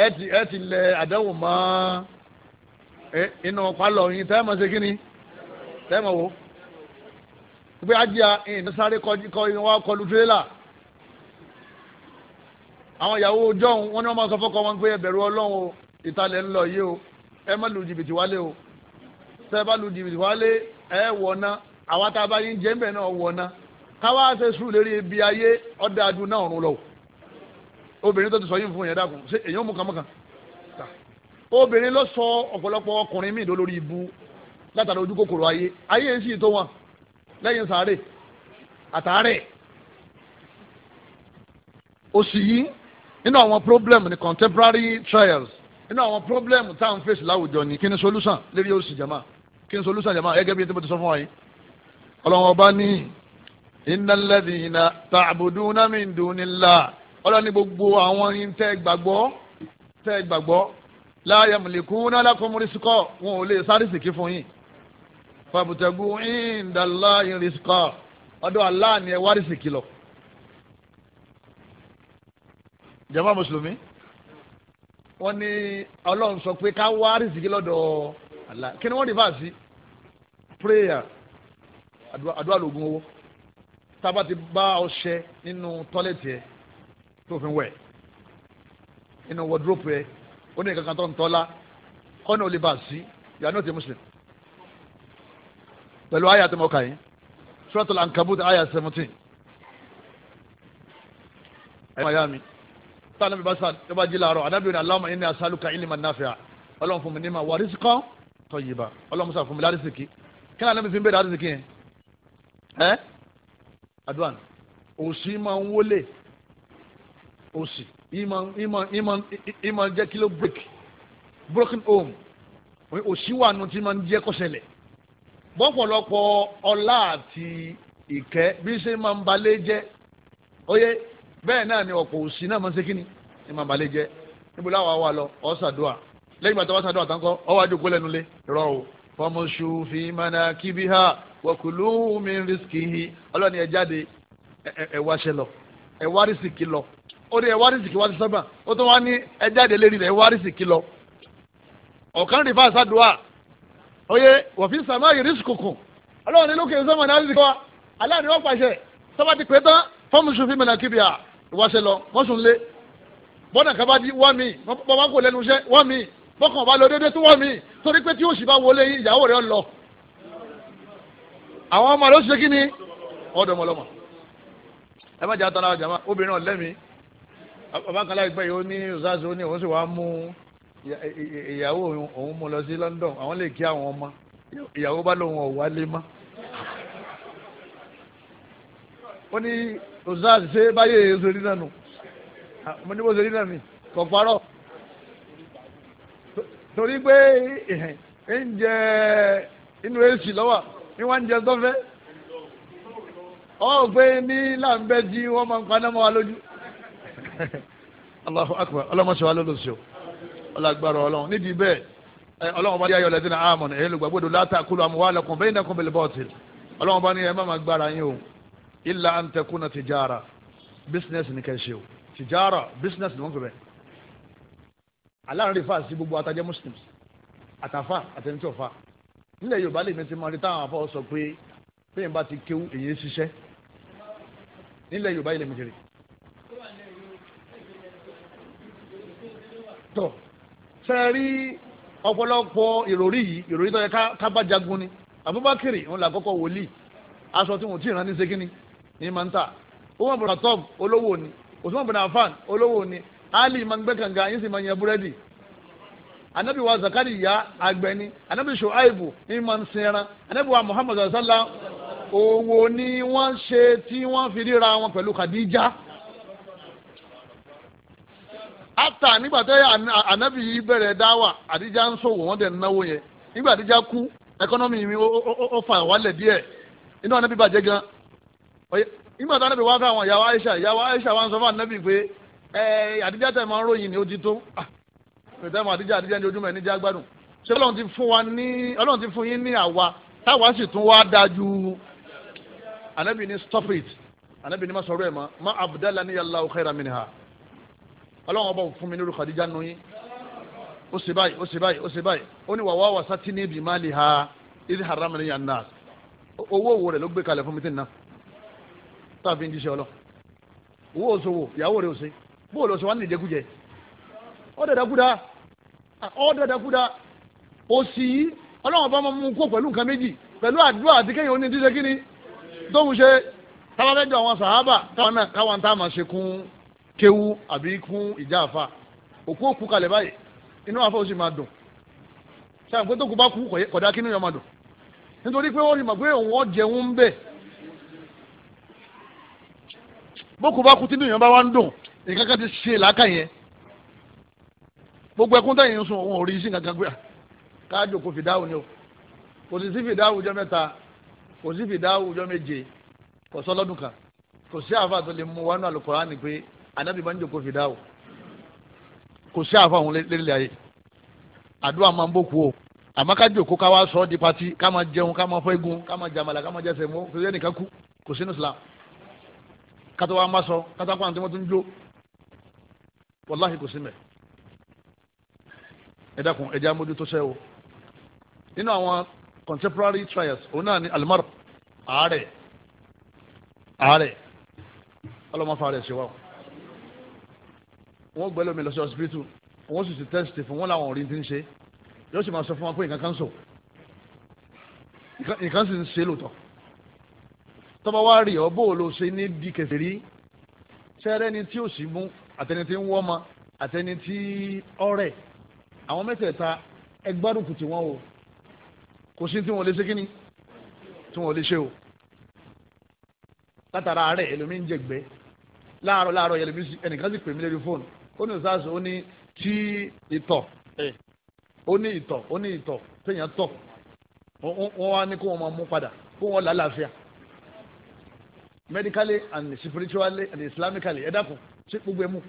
ẹ ti ẹ ti lẹ àdánwò mọ́ inú pálọ̀ yín tẹ́ ẹ máa ṣe kínní tẹ́ ẹ máa wò ó pé ájíà ìní sáré kọ wá kọlu tírélà àwọn ìyàwó ọjọ́hún wọn ni wọ́n máa sọ fọ́kọ wọn pé ẹ bẹ̀rù ọlọ́run o ìtàlẹ̀ ń yìí o ẹ má lu jìbìtì wálé o tẹ́ ẹ bá lu jìbìtì wálé ẹ wọ̀ ná àwa tá a bá yín jẹ́ ń bẹ̀ náà wọ̀ ná káwá ṣe sùúrù lérí ibi ayé ọ̀dà adùn náà ọ̀run lọ obìnrin tó ti sọ yín fún yẹn dákun ṣe èyàn mú kàmọ́kàn obìnrin ló sọ ọ̀pọ̀lọpọ̀ ọkùnrin míì lórí ibu látàrí ojú kòkòrò ayé ayé ń sì tó wọn lẹ́yìn sáré àtàárẹ̀ oṣù yìí nínú àwọn problem ni contemporary trials nínú àwọn problem tá à ń fèsì láwùjọ ni kí ni solution lérí oṣù jama kí ni solution jama gẹ́gẹ́ bí ẹni tí mo ti sọ fún wa yìí ọlọ́wọ́n ọba ní innalladhina ta'buduna min dunillah ọlọ́ni gbogbo àwọn yìí tẹ́ gbàgbọ́ tẹ́ gbàgbọ́ la yamlikuna lakum rizqa wọn ò lè sáré sìkí fún yìí fàbùtẹ̀gù ìndàlá ìrìsíkà ọ̀dọ̀ Allah ni ẹ wá rìsíkì lọ. jàmá mùsùlùmí wọ́n ní ọlọ́run sọ pé ká wá rìsíkì lọ́dọ̀ Allah kí ni wọ́n rìfà sí prayer àdúrà lóògùn owó tába ti bá ọṣẹ nínú tọ́lẹ̀tì ẹ tó fi wẹ̀ nínú wọ́dúrópù ẹ ó ní kankan tó ń tọ́lá kọ́ni ò lè bá a sí you are not a pẹ̀lú àyà tí mo kà yín Suratul Ankabut àyà seventeen ẹ̀rọ ayá mi tá a nàbí bá sà tó bá jí làárọ̀ àdàbí òní Allahumma inni as'aluka ilman nafi'a ọlọ́run fún mi ní ma wà rizqan tayyiba ọlọ́run sà fún mi lárísìkì kí ni ànábi fi ń bẹ̀rẹ̀ lárísìkì yẹn ẹ́ àdúrà òsì máa ń wọlé òsì ìmọ̀ ìmọ̀ ìmọ̀ ìmọ̀ jẹ́ kí break broken home òsì wà nù tí máa ń jẹ́ kọ́sẹ̀lẹ̀ bọ́pọ̀lọpọ̀ ọlá àti ìkẹ́ bí ṣe máa ń balẹ̀ jẹ́ oyè bẹ́ẹ̀ náà ni ọ̀pọ̀ òsì náà máa ń ṣe kíni ni máa ń balẹ̀ lọ ọ̀ ṣàdúà lẹ́yìn bàtà wà ṣàdúà tán kọ́ rọọ wá jókòó o fi mana kíbi ha wọ̀kùlù mi rìsíkì hi ọlọ́ni ẹ jáde ẹ lọ ẹ wá rìsíkì lọ ó lọ ọ̀kan rìfà oye wọ̀fí sàmá yìí rísìkòkò ọlọ́run ní lókè sọ́mọ náà rísìkò wa aláàánú wọn pàṣẹ sọ́ba ti pé tán fọ́ọ̀mù sùfì mẹ́nà kíbi à ìwáṣẹ lọ wọ́n sùn lé bọ́nà kaba di wá mi bọ́ba kò lẹ́nu iṣẹ́ wá mi bọ́kàn ọba lọ déédéé tó wá mi torí pé tí yóò sì bá wọlé ìyàwó rẹ̀ lọ. àwọn ọmọ rẹ̀ ó ṣe kí ni ọ̀dọ̀mọlọmọ ẹ má jẹ́ àtàrà àjàmá obìnrin ọ̀lẹ́mi bàbá kan láì pẹ́ yìí ó ní ìsáàsì ó ní òun sì wá mú ìyàwó òun mú lọ sí London àwọn lè kí àwọn ọmọ ìyàwó bá lóun ọ̀ wálé mọ́. ó ní ozaz ṣe báyé oṣooṣi náà nù mo ní oṣooṣi náà mi kò parọ́ torí pé ń jẹ inú èsì lọ́wọ́ ní wọ́n ń jẹ tọ́fẹ́ ọ̀ ní láǹbẹ́ wọ́n máa ń paná mọ́ wa lójú. Allahu akbar ọlọ́mọ sọ wa lọ́lọ́sọ̀ọ́ ọlágbára ọlọ́run nídìí bẹ́ẹ̀ ọlọ́run bá yáyọ lẹ́dínà àmọ̀ ẹ̀yìn lùgbàgbọ́dọ̀ látàkùlù àmúwálẹ̀kùn bẹ́ẹ̀ nẹ́kùn bẹ̀lẹ̀ bọ́ọ̀tì ọlọ́run bá ní ẹ̀ máa gbára yín o ilà à ń tẹkùn náà tìjára bísínẹ́sì ní kẹ́sì o tìjára bísínẹ́sì ní wọ́n fẹ́ aláàrin fa sí gbogbo atajẹ́ muslims àtàfà àtẹnitọ́fà nílẹ̀ yorùbá lè mẹ́tí máa rí táwọn afọ́ sọ pé bẹ́ẹ̀ bá ti kéwú èyí ṣiṣẹ́ nílẹ̀ yorùbá ilẹ̀ mẹ́tí rí ṣe rí ọ̀pọ̀lọpọ̀ ìròrí yìí ìròrí tó yẹ ká bá jagun ni Abubakar òun là kọ́kọ́ wòlíì aṣọ tí wọ́n ti rán ní segini ní máa ń tà Umar bin Khattab olówó ni Usman bin Affan olówó ni Ali máa ń gbé kànga yín sì máa ń yẹ búrẹ́dì anabi wa Zakariya agbẹni anabi Shuaibu ní máa ń anabi wa Muhammad sallallahu òwò ni wọ́n ṣe tí wọ́n fi ríra wọn pẹ̀lú Khadija after nígbà tẹ anabi yìí bẹ̀rẹ̀ dáwà àdíjà ń sòwò wọ́n dẹ̀ náwó yẹn nígbà àdíjà kú ẹkọ́nọ́mì mi ó fà wálẹ̀ díẹ̀ inú anabi bàjẹ́ gan nígbà tí anabi wá fún àwọn ìyàwó Aisha ìyàwó Aisha wa ń sọ fún anabi pé ẹ àdíjà tẹ̀ máa ń ròyìn ni ó ti tó pẹ̀tẹ́mù ah, àdíjà àdíjà ní ojúmọ̀ ẹni jẹ́ agbádùn ṣé ọlọ́run ti fún wa ní ọlọ́run ti fún yín ní àwa táwa sì tún wá dájú anabi ní stop it anabi ní má sọ̀rọ̀ ẹ̀ mọ́ má abdallah ní yàrá òkèèrè mi ni ha ọlọ́run ọba fún mi ní orúkọ àdíjá nù yín ó ṣe báyìí ó ṣe báyìí ó ṣe báyìí ó ní wàá wá wàsá tí níbi má lè ha ìdí haram ní yàn náà owó òwò rẹ̀ ló gbé kalẹ̀ fún mi tí ń ná táàfin jíṣẹ́ ọlọ owó òṣòwò ìyàwó rẹ̀ òṣè bóòlù òṣòwò á ní ìjẹkújẹ ọ̀dàdàkúdà ọ̀dàdàkúdà òṣì ọlọ́run ọba máa mú kó pẹ̀lú nǹkan méjì pẹ̀lú àdúrà àti kéèyàn ó ní tíṣe kíni tó ń ṣe tábàbẹ́jọ àwọn sàhábà táwọn náà táwọn táwọn kéwú àbí kún ìjà àfa òkú òkú kalẹ̀ báyìí inú àfa ó sì máa dùn sáà pé tó kú bá kú kọ̀dá kínú yẹn máa dùn nítorí pé wọ́n rí màgbé òun ọ̀jẹ̀un ń bẹ̀ bókú bá kú tínú yẹn bá wá ń dùn nǹkan kan ti ṣe làákà yẹn gbogbo ẹkún tẹ̀yìn sùn òun ò sí kankan gbé káàdùn kò fìdáhùn ni o kò sí sí fìdáhùn ọjọ́ mẹ́ta kò sí fìdáhùn ọjọ́ méje kò sọ lọ́dún kan kò sí àáfàá tó mú wánú àlùkòrán anabi máa ń jòkó fìdá o kò sí àfa òun lélẹ̀ ayé àdúrà máa ń bòkú o àmọ́ ká jòkó ká wá sọ ọ́ di pati ká máa jẹun ká máa fọ́ egun ká máa jàmàlà ká máa jẹsẹ̀ mọ́ kò sí ẹnìkan kú kò sínú Islam kátó wa má sọ kátó wa kó àwọn tí wọ́n tún jó wàláhì kò sí mẹ́ ẹ dákun ẹ jẹ́ amójútó sẹ́ o nínú àwọn contemporary trials òun náà ni alimar àárẹ̀ àárẹ̀ ọlọ́mọ fa rẹ̀ ṣe wá o wọ́n gbẹ́ lómi lọ sí hospital wọ́n sì ti test fún wọn làwọn òrìn ti ń ṣe yóò sì máa sọ fún wa pé nǹkan kan sò nǹkan sì ń ṣe lòtọ̀ tọ́ba wá rí ọ bóòlù ṣe ní di kèfèrí sẹ́rẹ́ ni tí ò sí mú àtẹni tí ń wọ́ ma àtẹni tí ọ̀rẹ́ àwọn mẹ́tẹ̀ẹ̀ta ẹgbẹ́rùkù tí wọ́n o kò sí tí wọ́n lè ṣe kí ni tí wọ́n lè ṣe o látara rẹ̀ ẹlòmí ń jẹ̀gbẹ́ láàárọ̀ láàárọ̀ ẹlòmí ẹnìkan sì pè mí lórí fóònù ó ní sars ó ní tí ìtọ̀ eh. ó ní ìtọ̀ ó ní ìtọ̀ téèyàn tọ̀ wọ́n wá ní kó wọ́n máa mú padà kó wọ́n lálàáfíà medically and spiritually and islamically ẹ dákun ṣé gbogbo ẹ mú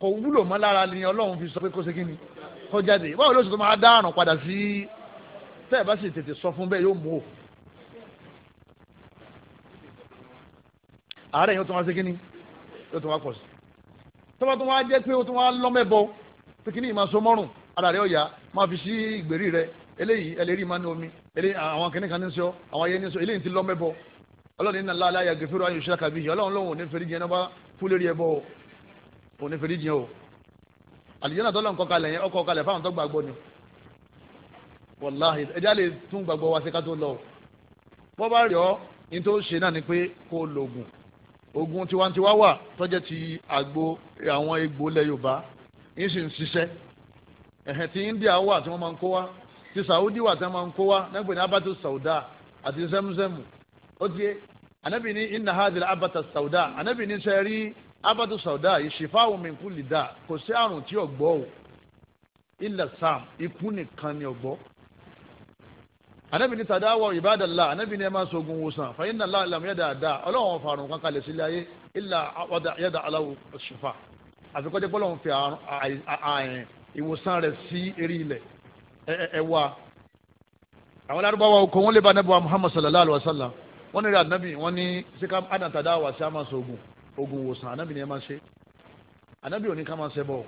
kò wúlò mọ́ lára ni ọlọ́run fi sọ pé kó ṣe kí ni kó jáde báwo ló ṣe tó máa dá àrùn padà sí tẹ́ ẹ bá sì tètè sọ fún bẹ́ẹ̀ yóò mú o. àárẹ̀ yóò tún wá ṣe kí ni yóò tún wá pọ̀ sí. tọ́ba tó wá jẹ́ pé o tó wá lọ́mẹ́bọ pé kí ni ya ma mọ́rùn ara rẹ̀ ọ̀yà máa fi sí ìgbèrí rẹ eléyìí ẹlẹ́rìí máa ní omi àwọn kìnnì kan ní sọ àwọn ayé ní sọ eléyìí ti lọ́mẹ́bọ ọlọ́run ní aláàlá yà gẹ̀fẹ́rọ ayò ṣe àkàbí yìí ọlọ́run lòun ò ní jẹ́ náà rí ẹbọ o àlìjẹ́nà nǹkan kalẹ̀ yẹn ọkọ̀ kalẹ̀ fáwọn tó gbàgbọ́ ni ogun tiwantiwa wà tọ́jẹ́ ti àgbo àwọn egbò ilẹ̀ yorùbá ń sì ń ṣiṣẹ́ ẹ̀hẹ̀ ti india wà tí wọ́n máa ń kó wá ti saudi wà tí wọ́n máa ń kó wá nẹ́gbẹ̀ẹ́ ní abatu sauda àti zemzemu ó ti yé anabi ní inna hadhihi abata sauda anabi ní sẹ́ rí abatu sauda yìí shifawu min kulli da kò sí àrùn tí ọ̀gbọ́ o illa sam ikú nìkan ni ọ̀gbọ́ anabi ni tadawa ibadala anabi ni ẹ máa sọgun wosan fa inna allah lam yada da ọlọ́run farun kan kalẹ̀ sílẹ̀ ayé illa wada yada alahu shifa àfikọ́jẹ́ bọ́lọ̀ ń fi àyìn ìwòsàn rẹ̀ sí eré ilẹ̀ ẹ wá àwọn arúgbáwá okò wọn lè ba anabi wa muhammad sallallahu alaihi wa sallam wọn ní rẹ anabi wọn ní sika ana tadawa sí a máa sọgun ogun wosan anabi ni ẹ máa ṣe anabi ò ní ká máa ṣe bọ́ọ̀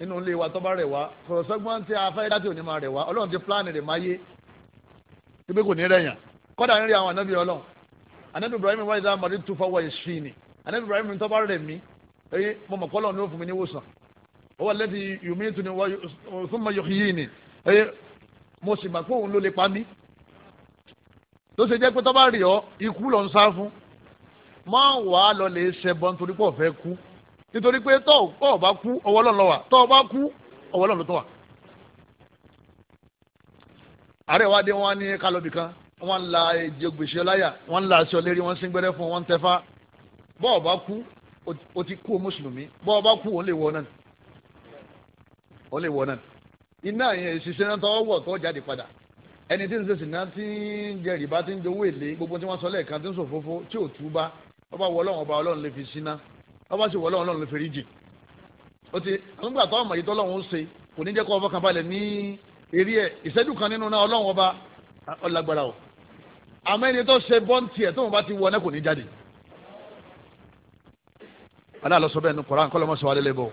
nínú ilé wa tó bá rẹ̀ wá sọ̀rọ̀ sọ́gbọ́n tí a fẹ́ dájú òní máa rẹ̀ wá ọlọ́run ti pílánì rẹ̀ máa yé ibi kò ní rẹ̀yàn kọ́dà ń rí àwọn anábì ọlọ́run anábì Ibrahim wáyé dá màdí tu fọwọ́ ìṣí ni anábì Ibrahim tó bá rẹ̀ mí ẹyẹ mo mọ̀ kọ́lọ̀ ní ó fún mi ní wòsàn owó lẹ́tì yomi tu ni fún mi yìí ni ẹyẹ mo sì gbà pé òun ló lè pa mí tó ṣe jẹ́ pé tó bá rí ọ ikú lọ ń sá fún mọ́ wàá lọ lè ṣẹbọ nítorí pọ̀ fẹ́ kú nítorí pé tọ́ ọ bá kú ọwọ́ Ọlọ́run ló wà tọ́ ọ bá kú ọwọ́ Ọlọ́run ló tún wà. àárẹ̀ wa dé wọn ní kálọ̀bì kan wọ́n ń la èjì ògbèsè ọláyà wọ́n ń la aṣọ lérí wọ́n ń sín gbẹ́rẹ́ fún wọ́n ń tẹ́fá bọ́ ọ bá kú o ti kú mùsùlùmí bọ́ ọ bá kú òun lè wọ náà òun lè wọ náà iná yẹn ìṣiṣẹ́ náà tọ́wọ́ wọ̀ tó jáde padà ẹni tí ń ṣe sìnà tí ń jẹ rìbá tí ń jowó èlé gbogbo tí wọ́n sọ lẹ́ẹ̀kan tí ń ṣòfófó tí ò túbá ọba wọ ọba ọlọ́run lè fi síná ọba sì wọlé ọlọ́run ló fèrè jì ó ti àwọn gbàgbọ́ ọmọ yìí tọ́lọ́run ń ṣe kò ní jẹ́ kó ọba kan balẹ̀ ní eré ẹ̀ ìṣẹ́jú kan nínú náà ọlọ́run ọba ọlágbára o àmọ́ ẹni tó ṣe bọ́ǹtì ẹ̀ tó wọn bá ti wọ ẹ kò ní jáde aláàlọ́ sọ bẹ́ẹ̀ ní koran kọ́lọ́mọ́ sọ alẹ́ lẹ́bọ̀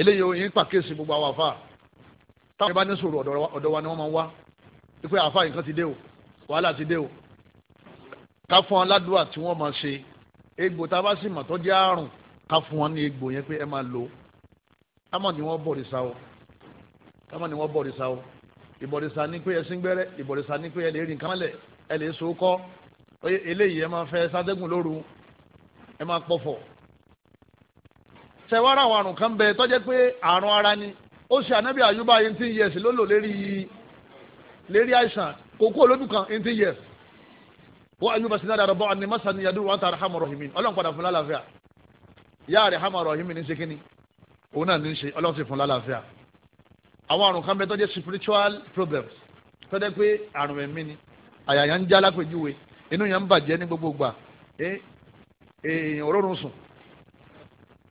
eléyìí o yín pàkíyèsí gbogbo àwọn àfa táwọn bá ní sòrò ọ̀dọ̀ wa ni wọ́n máa ń wá wípé àfa nǹkan ti dé o wàhálà ti dé o ká fún ọ ládùúgbà tí wọ́n máa ṣe egbò tá a bá sì mọ̀ tó jẹ́ àrùn ká fún wọn ní egbò yẹn pé ẹ máa lò ká mọ̀ ní wọ́n bọ̀rìṣà o ká mọ̀ ní wọ́n bọ̀rìṣà o ìbọ̀rìṣà ní pé ẹ sín gbẹ́rẹ́ ìbọ̀rìṣà ní pé ẹ lè rìn kánlẹ̀ ẹ lè so kọ́ eléyìí ẹ máa fẹ́ sádẹ́gùn lóru ẹ máa pọ̀fọ̀ sẹ̀wárà àwọn àrùn kan bẹ tó pé àrùn ara ni ó ṣe ànábì àyùbá eighteen years ló lò lérí lérí àìsàn kókó olódùn kan eighteen years wọ́n ayúbọ̀ sí náà rọ̀bọ̀ ọ̀nì mọ́sán ni yàdúrà wọn ta arahamu rahimin ọlọ́run padà fún lálàáfíà yá arahamu rahimin ní sekini òun náà ní í ṣe ọlọ́run sì fún lálàáfíà àwọn àrùn kan bẹ tó spiritual problems tó pé àrùn ẹ̀mí ni àyà yẹn ń já lápèjúwe inú yẹn ń bàjẹ́ ní gbogbo gbà èèyàn òrórùn sùn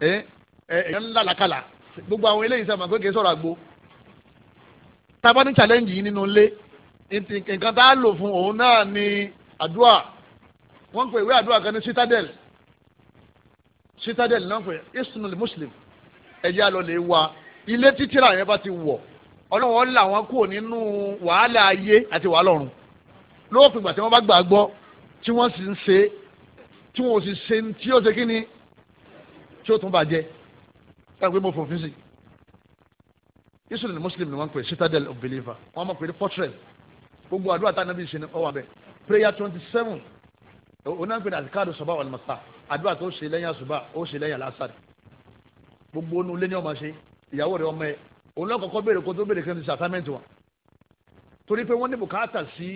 èèyàn ń làlàkàlà gbogbo àwọn eléyìí sábà pé kì sọ̀rọ̀ àgbo tábà challenge yìí nínú ilé nǹkan tá a lò fún òun náà ni Adua, wọ́n ń pè ìwé àdúrà kan ní citadel citadel náà ń pè ismail muslim ẹ̀yà lọ lè wa ilé títírà yẹn bá ti wọ̀ ọlọ́wọ́n là wọ́n kúrò nínú wàhálà ayé àti wàhálà ọ̀run lóòpin ìgbà tí wọ́n bá gbàgbọ́ tí wọ́n sì ń ṣe tí wọ́n sì ṣe tí ó ṣe kí ni tí ó tún bàjẹ́ ẹ pé mo fòfin sí ismail muslim ni wọ́n ń pè citadel of believer wọ́n mọ̀ pé portrait gbogbo àdúrà tá a nàbí ṣe ni ọwọ́ abẹ́ prayer twenty seven onáfẹ́ àtikáàdù sọ̀bá wà lọ́mọ́sá àdúrà tó ṣe lẹ́yìn àṣùbà ó ṣe lẹ́yìn àlásàrì gbogbo onú lé ní ọmọ ṣe ìyàwó rẹ ọmọ ẹ òun náà kọ́kọ́ béèrè kó tó béèrè kí n ti ṣe àtàmẹ́ǹtì wọn torí pé wọ́n ní bùkátà sí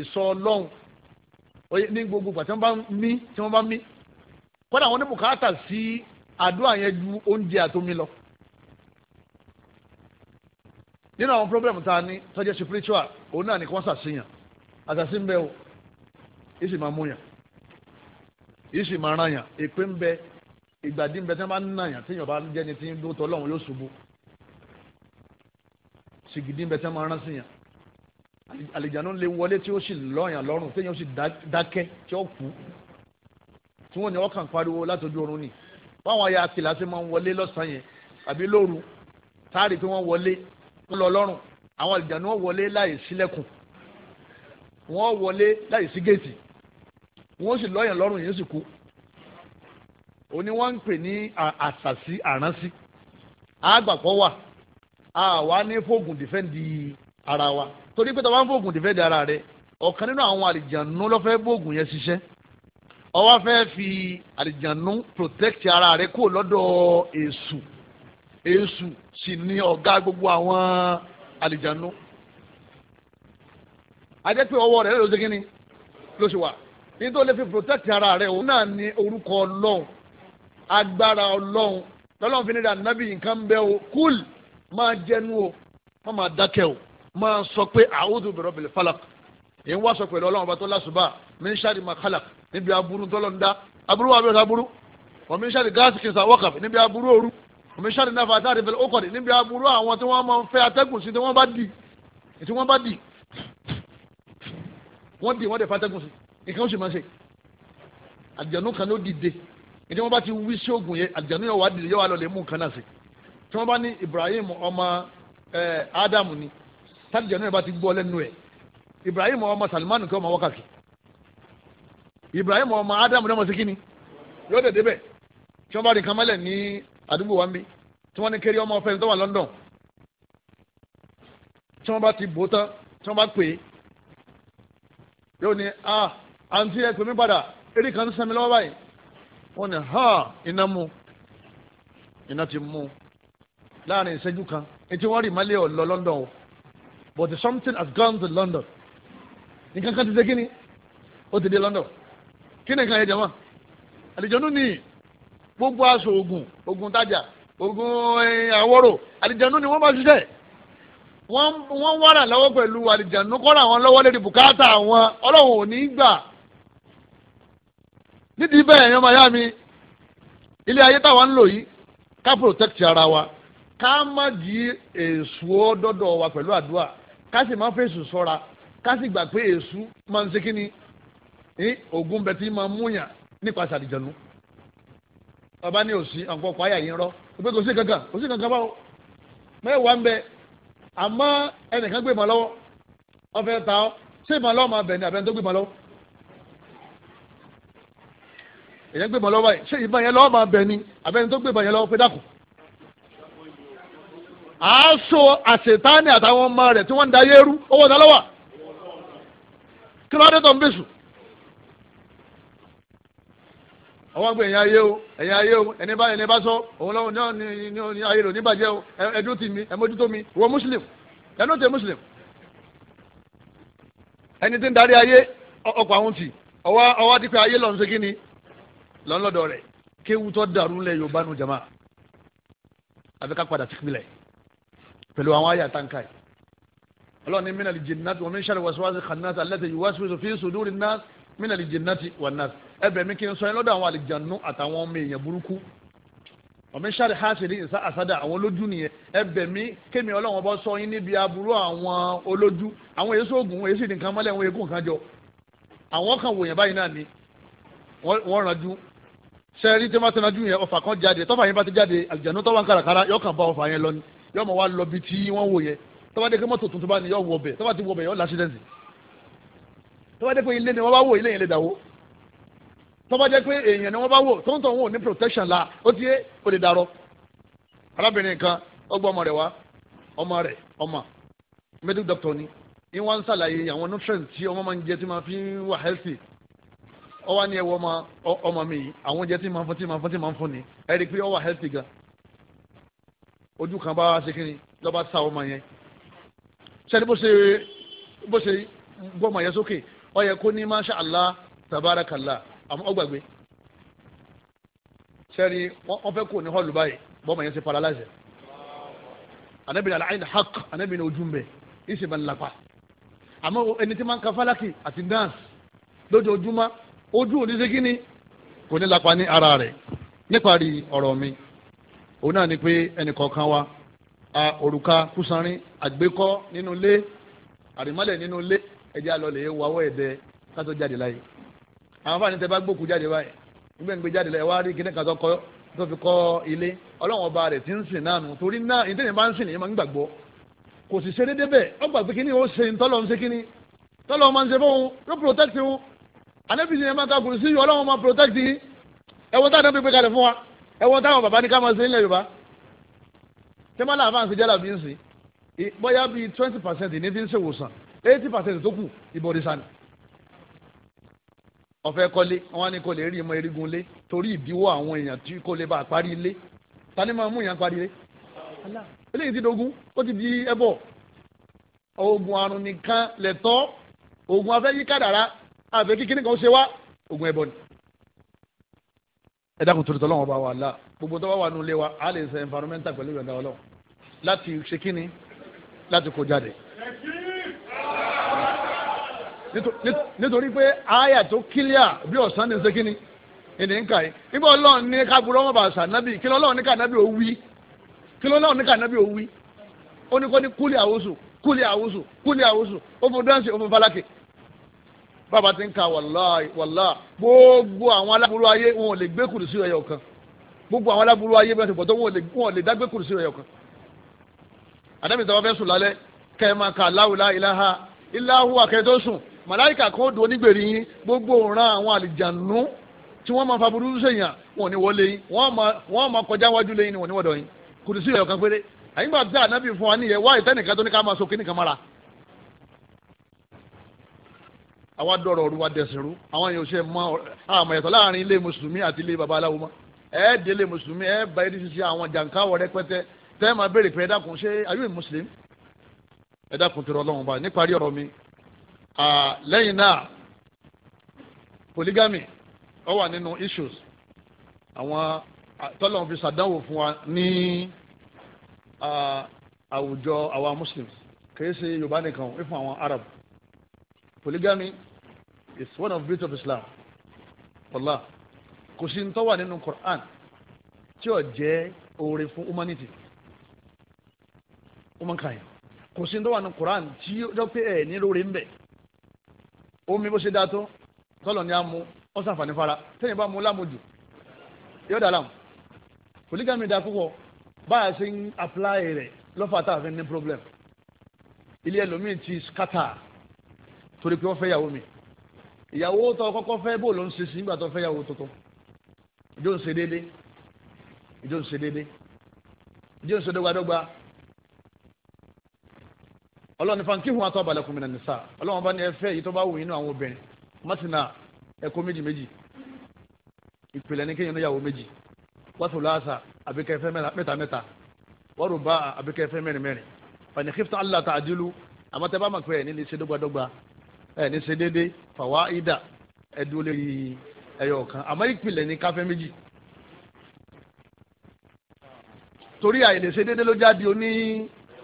ìsọ ọlọ́run ní gbogbo ìgbà tí wọ́n bá mí tí wọ́n bá mí kọ́dà wọ́n ní bùkátà sí àdúrà yẹn ju oúnjẹ àtomi lọ nínú àwọn pírọ́blẹ̀mù tá a ní tọ́jú spiritual òun náà ní kí wọ́n ṣàṣeyàn àṣàṣe yìí sì máa múyàn yìí sì máa rányàn èpè ń bẹ ìgbàdí ń bẹ tí wọ́n bá ń nàyàn tí yorùbá jẹ́ni tí ń dún tọ́ lọ́hùn yóò ṣubú sìgìdí ń bẹ tí wọ́n máa rán sí yàn àlìjáná lè wọlé tí ó sì lọ́yàn lọ́rùn tí yóò sì dákẹ́ tí ó kú tí wọ́n ní ọkàn pariwo látọjú oorun ni báwọn aya àtìlá ti máa ń wọlé lọ́sàn-án yẹn àbí lóru táàrí tí wọ́n wọlé ń lọ lọ́rùn àwọn àlìjáná wọlé láì sílẹ̀kùn wọ́n wọlé láì sí géètì wọ́n sì lọ́yàn lọ́rùn yẹn sì kú òní wọ́n ń pè ní àṣàṣì àránsí àgbàpọ̀ wà àwa ní fóògùn dìfẹ́ǹdì ara wa torí pé tàwa ń fóògùn dìfẹ́ǹdì ara rẹ ọ̀kan nínú àwọn àlìjànú ló fẹ́ bóògùn yẹn ṣiṣẹ́ ó wá fẹ́ fi àlìjànú protect ara rẹ kó lọ́dọ̀ èṣù èṣù sì ni ọ̀gá gbogbo àwọn àlìjànú ajẹ́ ọwọ́ rẹ̀ ló ṣe kínní ló ṣe ní tó lè fi protect ara rẹ òun náà ní orúkọ ọlọ́run agbára ọlọ́run lọ́lọ́run fi ní ra nábì nǹkan bẹ́ o kúl máa jẹnu o má máa dákẹ́ o máa sọ pé a'udhu bi rabbil falaq èyí wá sọ pẹ̀lú ọlọ́run ọba tó lásùbà min sharri ma khalaq níbi aburú tó lọ́n dá aburú wa bẹ́ẹ̀ aburú wa min sharri ghasiqin idha waqab níbi aburú òru wa min sharri naffathati fil 'uqad níbi aburú àwọn tí wọ́n máa ń fẹ́ atẹ́gùn sí tí wọ́n bá dì tí wọ́n bá dì wọ́n dì wọ́n dẹ̀ fàtẹ́gùn sí nǹkan ó sì máa ṣe àjànú kan ló dìde ìdí wọn bá ti wí sí oògùn yẹn àjànú yẹn wà dìde yẹn wà lọ lè mú nǹkan náà ṣe tí wọn bá ní Ibrahim ọmọ ẹ Ádámù ni tàjànú yẹn bá ti gbọ́ lẹ́nu ẹ̀ Ibrahim ọmọ Salimani kí ọmọ wákàtí Ibrahim ọmọ Ádámù náà mọ̀ sí kíni yóò dẹ̀ débẹ̀ tí wọn bá rí kamalẹ̀ ní àdúgbò wa ń bí tí wọn ní kéré ọmọ ọfẹ́ tó wà London tí wọn bá ti bò tán tí wọn bá pè é yóò ní ah àǹtí ẹ pè mí padà eré kan ń sẹ́mi lọ́wọ́ báyìí wọ́n ní ha iná mu iná ti mu láàrin ìṣẹ́jú kan etí wọ́n rí ìmọ̀lẹ́ ọ̀ lọ London o but something has gone to London nǹkan kan ti dé kíni ó ti dé London kí ni nǹkan yẹn jẹ wọn àlìjọ́nù ni gbogbo aṣọ oògùn oògùn tajà oògùn àwọ̀rò àlìjọ́nù ni wọ́n bá ṣiṣẹ́ wọ́n wọ́n wàrà lọ́wọ́ pẹ̀lú àlìjọ́nù kọ́ra wọn lọ́wọ́ lórí bùkátà wọn ọlọ́run ò ní í gbà nídìí bẹ́ẹ̀ ẹ̀yàn máa yá mi ilé ayé táwa ń lò yìí ká protect ara wa ká má di èṣù ọdọ́dọ̀ wa pẹ̀lú àdúrà ká sì má fèsù sọ́ra ká sì gbà pé èṣù máa ń ṣe kí ni oògùn bẹ tí máa mú yàn nípasẹ̀ àdìjẹ̀nu bàbá ní òsì àǹkọ̀ọ̀kọ̀ ayà yìí ń rọ́ pé kò sí kankan kò sí kankan báwo mẹ́wàá ń bẹ àmọ́ ẹnìkan gbé màá lọ́wọ́ ọ̀fẹ́ ta ọ́ ṣé màá lọ́wọ́ máa bẹ̀ ni àbẹ́ni tó gbé màá lọ́wọ́ èyàn gbé ìbọn lọ́wọ́ báyìí ṣé ìbọn yẹn lọ́wọ́ máa bẹ̀ ni àbẹ́ni tó gbé ìbọn yẹn lọ́wọ́ pé dákun. àásọ àṣetáni àtàwọn ọmọ rẹ̀ tí wọ́n ń da ayé rú owó ọ̀dà lọ́wọ́ kí ló dé tó ń bẹ̀sù. ọwọ́ ń gbé ẹ̀yin ayé o ẹ̀yin ayé o ẹni bá ẹni bá sọ òun lọ́wọ́ ní ayé rò níbàjẹ́ o ẹdún tì mí ẹmójútó mi wọ mùsùlùm ẹnu tẹ mùsùlùm ẹni tí ń darí ayé ọkọ̀ àwọn tì ọwọ́ ọwọ́ dípẹ́ ayé lọ́n ni lọ́nlọ́dọ̀ rẹ̀ kéwu tó dàrú lẹ̀ yorùbá nu jama àfi ká padà sípìlẹ̀ pẹ̀lú àwọn àyà táǹkà yìí ọlọ́run ní mínàlì jìnnàtì wọn mí sàlẹ̀ wàsíwàsí kànáàtì alẹ́tẹ̀ yìí wàsíwàsí fi sùdúrì náà mínàlì jìnnàtì wọn náà ẹbẹ̀ mi kí n sọ yẹn lọ́dọ̀ àwọn àlìjànú àtàwọn ọmọ èèyàn burúkú wọn mí sàlẹ̀ hásìrì ìsá àsádà àwọn olójú nìyẹn ẹbẹ̀ mi kémi ọlọ́run bọ́ sọ yín níbi aburú àwọn olójú àwọn èso oògùn èsì nìkan mọ́lẹ̀ àwọn eégún kan jọ àwọn kan wòyàn báyìí náà ni wọ́n rànjú sẹ́ẹ̀rí tí wọ́n ti najú yẹn ọfà kan jáde tọ́fà yẹn bá ti jáde àlùjáde tọ́wà ń kàràkàrà yọ kàn bá ọfà yẹn lọ ni yọ mọ̀ wá lọ bí tí wọ́n wò yẹn tọ́wà dé pé mọ́tò tuntun bá ní yọ wọ bẹ̀ tọ́wà ti wọ bẹ̀ yọ lásìdẹ́ǹsì tọ́wà dé pé ilé ni wọ́n bá wò ilé yẹn lè dàwó tọ́wà dé pé èèyàn ni wọ́n bá wò tóńtọ̀ wọn ò ní protection la ó ti yé ó lè darọ́ arábìnrin kan ó gbọ́ ọmọ rẹ̀ wá ọmọ rẹ̀ ọmọ medical doctor ni ìwọ̀n ń sàlàyé àwọn nutrients tí ọmọ máa ń jẹ healthy ọ wá ní ẹwọ ọmọ ọmọ mi àwọn oúnjẹ tí màá fún tí màá fún tí màá fún ni ẹ rí i pé ọ wà healthy gan ojú kan bá ṣe kí ni lọ́ba sá ọmọ yẹn sẹ́ni bó ṣe bó ṣe gbọ́ ọmọ yẹn sókè ọ yẹ kó ní masha allah tabarakallah àmọ́ ọ gbàgbé sẹ́ni wọ́n fẹ́ kó ní hall báyìí bọ́ ọmọ yẹn ṣe paralyze anabini alain haq anabini ojú mbẹ ìṣèbánilapa àmọ́ ẹni tí máa ń ka fálákì àti dance lójoojúmọ́ ojú ò ní ṣe kíni kò ní lapa ní ara rẹ̀ níparí ọ̀rọ̀ mi òun náà ni pé ẹnìkọ̀ọ̀kan wa a òrùka kúsanrín àgbékọ́ nínú ilé àrìmọ́lẹ̀ nínú ilé ẹjẹ́ àlọ́lẹ̀ wàwọ́ ẹ̀dẹ kátó jáde láyé àwọn fáwọn tẹ bá gbókù jáde báyìí nígbà gbé jáde láyé wá rí kíní kan tó kọ́ tó fi kọ́ ilé ọlọ́run ọba rẹ̀ ti ń sìn náà nù torí náà ìdílé bá ń sìn nìyẹn máa ń gbàgbọ́ kò sì ṣe déédéé bẹ́ẹ̀ ọgbà pé kíní ó ṣe ń tọ́lọ́ ń ṣe kíní tọ́lọ́ máa ń ṣe fún un yóò protect un anabi ni ẹ máa ka kùrùsí yìí ọlọ́run máa protect yìí ẹwọ táwọn anabi gbé kalẹ̀ fún wa ẹwọ táwọn bàbá ní ká máa ṣe nílẹ̀ yorùbá tẹ́mọ́lá àfáàsì jẹ́ làbí ń sìn bóyá bíi twenty percent ní fi ń ṣèwòsàn eighty percent tó kù ìbọ̀rìṣà ni ọ̀fẹ́ kọ́lé wọn ni kò lè rí ìmọ̀ erigun lé torí ìdíwọ́ àwọn èèyàn tí kò lè bá a parí ilé tani máa mú èèyàn parí ilé eléyìí ti dogun ó ti di ẹbọ oògùn àrùn nìkan lẹ̀tọ́ oògùn afẹ́yí àfẹ́ kíkiri kan ṣe wá ogun ẹbọ ni ẹ dákun torí tọ́lọ́wọ́n bá wà lá gbogbo tó bá wà nílé wa a lè ṣe environmental pẹ̀lú ìyọ̀ǹda ọlọ́run láti ṣe kíni láti kó jáde nítorí pé àyà tó kílíà bí ọ̀sán ní ṣe kíni èdè ń kà yìí nígbà ọlọ́run ní kábúrò ọmọ bàbá sànábì kí lọ́lọ́run ní kànábì ó wí kí lọ́lọ́run ní kànábì ó wí ó ní kó ní kúlì àwòsù kúlì àwòsù kúlì àwòsù ó fún dáǹsì ó fún falákè bàbá ti ń ka wàláì wàláì gbogbo àwọn aláburú ayé wọn ò lè gbé kùrù sí ẹyọ kan gbogbo àwọn aláburú ayé bẹ́ẹ̀ ti pọ̀ tó wọn ò lè dá gbé kùrù sí ẹyọ kan. àdàbí ìtawọ́ fẹ́ sùn lálẹ́ kẹ́ ẹ máa ka aláwùlá ìlàhà ìlàhù àkẹ́tọ́ sùn màláìkà kan ó dùn onígbèrè yín gbogbo òǹran àwọn àlìjànú tí wọ́n máa fa burú sèyàn wọn ò ní wọlé yín wọ́n máa kọjá wájú ni wọ́n ní wọ́dọ̀ yín kùrù sí ẹyọ kan péré àyìnbá bí ànábì fún wa níyẹn wá ìtẹ́nìkan tó àwa dọ̀rọ̀ ọ̀rùwa dẹ̀sìnrú àwọn èèyàn ṣe mọ àmọ̀ ẹ̀tọ́ láàrin ilé mùsùlùmí àti ilé babaláwo mọ́ ẹ̀ dé ilé mùsùlùmí ẹ̀ bá irí ṣiṣẹ́ àwọn jàǹkáwọ̀ rẹpẹtẹ tẹ́ ẹ máa béèrè pé ẹ dákun ṣé ayé mùsùlùmí ẹ dákun tó rọ ọlọ́run bá níparí ọ̀rọ̀ mi lẹ́yìn náà polygamy ó wà nínú issues àwọn tọ́lọ́run fi ṣàdánwò fún wa ní àwùjọ àwa muslims kì í ṣe yorùbá nìkan ó fún àwọn arab polygamy is one of the of Islam wàllá kò sí ntọ́wà nínú Quran tí ó jẹ́ oore fún humanity humankind kò sí ntọ́wà nínú Quran tí ó jọ pé ẹ̀ ní lóore ń bẹ̀ omi bó ṣe dáa tó tọ́lọ̀ ni a mú ó fara tẹ́yìn bá mú lámojù yóò dà láàmú polygamy da púpọ̀ báyà ṣe ń apply rẹ̀ lọ́fà tá a fi ní problem ilé ẹlòmíì ti scatter torí pé wọ́n fẹ́ yàwó mi ìyàwó tó kọ́kọ́ fẹ́ bó ló ń ṣe sí nígbà tó fẹ́ yàwó tuntun ìjọ ń ṣe déédé ìjọ ń ṣe déédé ìjọ ń ṣe dọ́gbadọ́gba ọlọ́run fa nkíhun atọ́ abalẹ̀kùn mìíràn nìsa ọlọ́run bá ní ẹfẹ́ èyí tó bá wù nínú àwọn obìnrin mọ́tìnà ẹ̀kọ́ méjì méjì ìpìlẹ̀ ní kéèyàn níyàwó méjì wọ́tò láàṣà àbíkẹ́fẹ́ mẹ́ta mẹ́ta wọ́rù bá àbíkẹ́fẹ́ mẹ́rin mẹ́rin fàníkìftà allah ta'adilu àmọ́tẹ́ bá mọ̀ pé ẹ̀ ẹ ní ṣe déédéé fàwa ida ẹ dúró lórí ẹyọ kan àmọ́ ìpìlẹ̀ ní káfẹ́ méjì torí àìlè ṣe déédéé ló jáde oní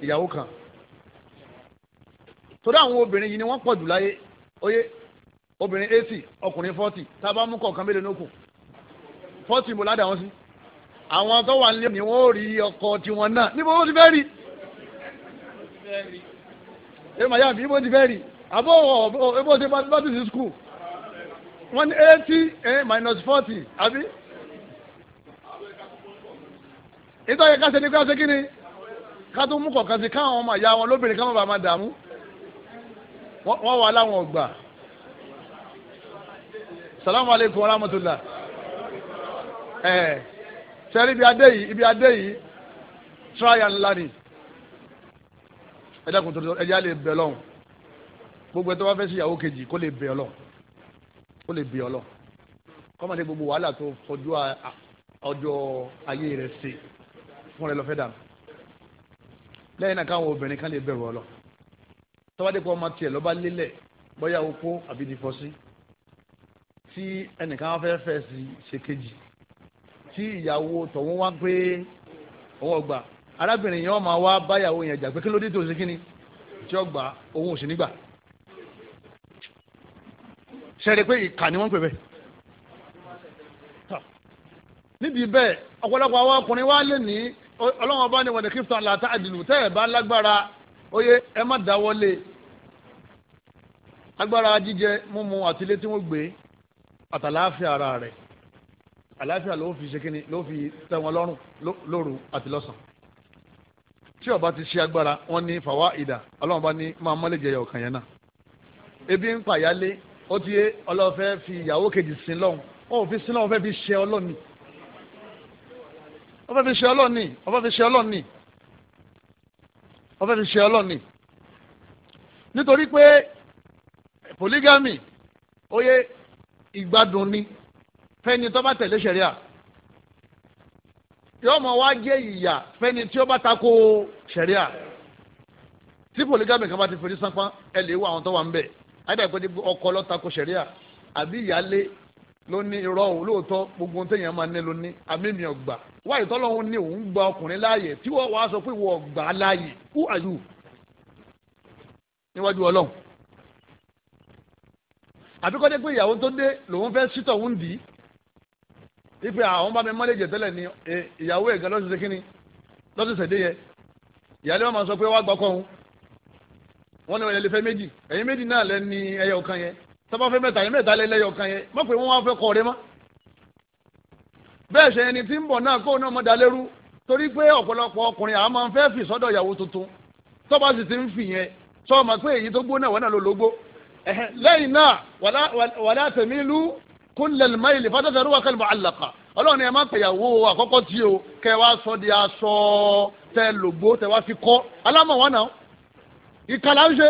ìyàwó kan torí àwọn obìnrin yìí ni wọ́n pọ̀ jù láyé oyè obìnrin eighty ọkùnrin forty tá a bá mú kọ̀ọ̀kan mélòó ní òkun forty mo ládàá wọn sí àwọn tó wà nílé ni wọ́n rí ọkọ tiwọn náà níbo wọ́n ti fẹ́ rí ẹ màá yà mí níbo ti fẹ́ rí àbọ̀ ẹbí ọ̀sẹ̀ baptist school One eighty eh, minus forty àbí. ìtọ́ yẹ ká ṣe ní ká ṣe kí ni ká tó mú kọ̀ọ̀kan sí káwọn ọmọ ìyá wọn lóbìnrin káwọn bá máa dààmú wọ́n wà láwọn ọgbà salamu aleykum warahmatulah ẹ sẹ́rí ibi adé yìí ibi adé yìí try and learn ẹ dẹ́kun tó ẹ yá lè bẹ̀ lọ́hùn gbogbo ẹtọ́ bá fẹ́ sí ìyàwó kejì kó lè bẹ ọ lọ kó lè bẹ ọ lọ kọ́mọdé gbogbo wàhálà tó fọjú ọjọ́ ayé rẹ̀ ṣe fún rẹ lọ fẹ́ dànù lẹ́yìn náà káwọn obìnrin kan lè bẹ̀rù ọ lọ tọ́wádé pọ̀ ọmọ tiẹ̀ lọ́ba lélẹ̀ bóyá opó àbí nìfọ́sí tí ẹnìkan fẹ́ fẹ́ ṣe kejì tí ìyàwó tọ̀hún wá pé ọwọ́ gbà arábìnrin yẹn wọ́n máa wá báyàwó yẹn jà pé kí ló dé tó ṣe kí ni tí ó gbà òun ò sì nígbà. ṣẹlẹ̀ pé ìkà ni wọ́n pè bẹ́ẹ̀ níbi bẹ́ẹ̀ ọ̀pọ̀lọpọ̀ àwọn ọkùnrin wa lè ní ọlọ́wọ́n bá ní ala kíftàn làtà àdìlù tẹ́ ẹ̀ bá lágbára oyè ẹ má dáwọ́lé agbára jíjẹ mímu àti ilé tí wọ́n gbé àtàláfíà ara rẹ̀ àláfíà ló fi ṣe kíni ló fi tẹ́ wọn lọ́rùn lóru àti lọ́sàn tí ti ṣe agbára wọn ní fàwa ọlọ́wọ́n bá ní máa yẹn náà ebi ń pàyálé ó ti yé ọlọ́fẹ́ fi ìyàwó kejì sin lọ́hùn wọn ò fi sin lọ́hùn fẹ́ fi ṣe ọlọ́ni ọfẹ́ fi ṣe ọlọ́ni ọfẹ́ fi ṣe ọlọ́ni ọfẹ́ fi ṣe ọlọ́ni nítorí pé polygamy ó yẹ ìgbádùn ni fẹ́ni tó bá tẹ̀lé ṣẹ̀ríà yóò mọ̀ wá jẹ́ ìyà fẹ́ni tí ó bá tako ṣẹ̀ríà tí polygamy kan bá ti forí sápá ẹ lè wá àwọn tó wà ń bẹ̀ àdàgbẹ́ ní ọkọ lọ́ta kò ṣẹ̀ríà àbí ìyálé ló ní irọ́ òun lóòótọ́ gbogbo téèyàn máa ní ló ní àmì mi ọgbà wáyé tọ́lọ́hún ní òun gba ọkùnrin láàyè tí wọ́n wàá sọ pé ìwọ ọgbà láàyè who are you níwájú ọlọ́run àbíkọ́dé pé ìyàwó tó dé lòun fẹ́ sítọ̀ ń dì í ife àwọn bá mi mọ́lẹ̀ jẹ tẹ́lẹ̀ ni ìyàwó ẹ̀gá lọ́sọ̀ọ́sẹ̀ kínni lọ́sọ̀ọ́sẹ̀ dé yẹ ìyálé wọn máa sọ pé wá gbọ́kọ́ òun wọ́n ní wọ́n lè fẹ́ méjì ẹ̀yin méjì náà lẹ́ ní ẹyọ kan yẹn sábà fẹ́ mẹ́ta ẹ̀yin mẹ́ta lẹ́ lẹ́yọ kan yẹn mọ̀ pé wọ́n wá fẹ́ kọ́ ọ̀rẹ́ mọ́ bẹ́ẹ̀ ṣe ẹni tí ń bọ̀ náà kó náà mọ̀ dalérú torí pé ọ̀pọ̀lọpọ̀ ọkùnrin àwọn máa ń fẹ́ fi sọ́dọ̀ ìyàwó tuntun tọ́ba sì ti ń fi yẹn sọ ma pé èyí tó gbó náà wọ́n náà ló lógbó lẹ́yìn náà wàlá tẹ̀mí lú kúnlẹ̀ lẹ́mẹ́yìlì fàtẹ́tẹ̀rú wa kẹlẹ́ bọ̀ ìkàlà ń ṣe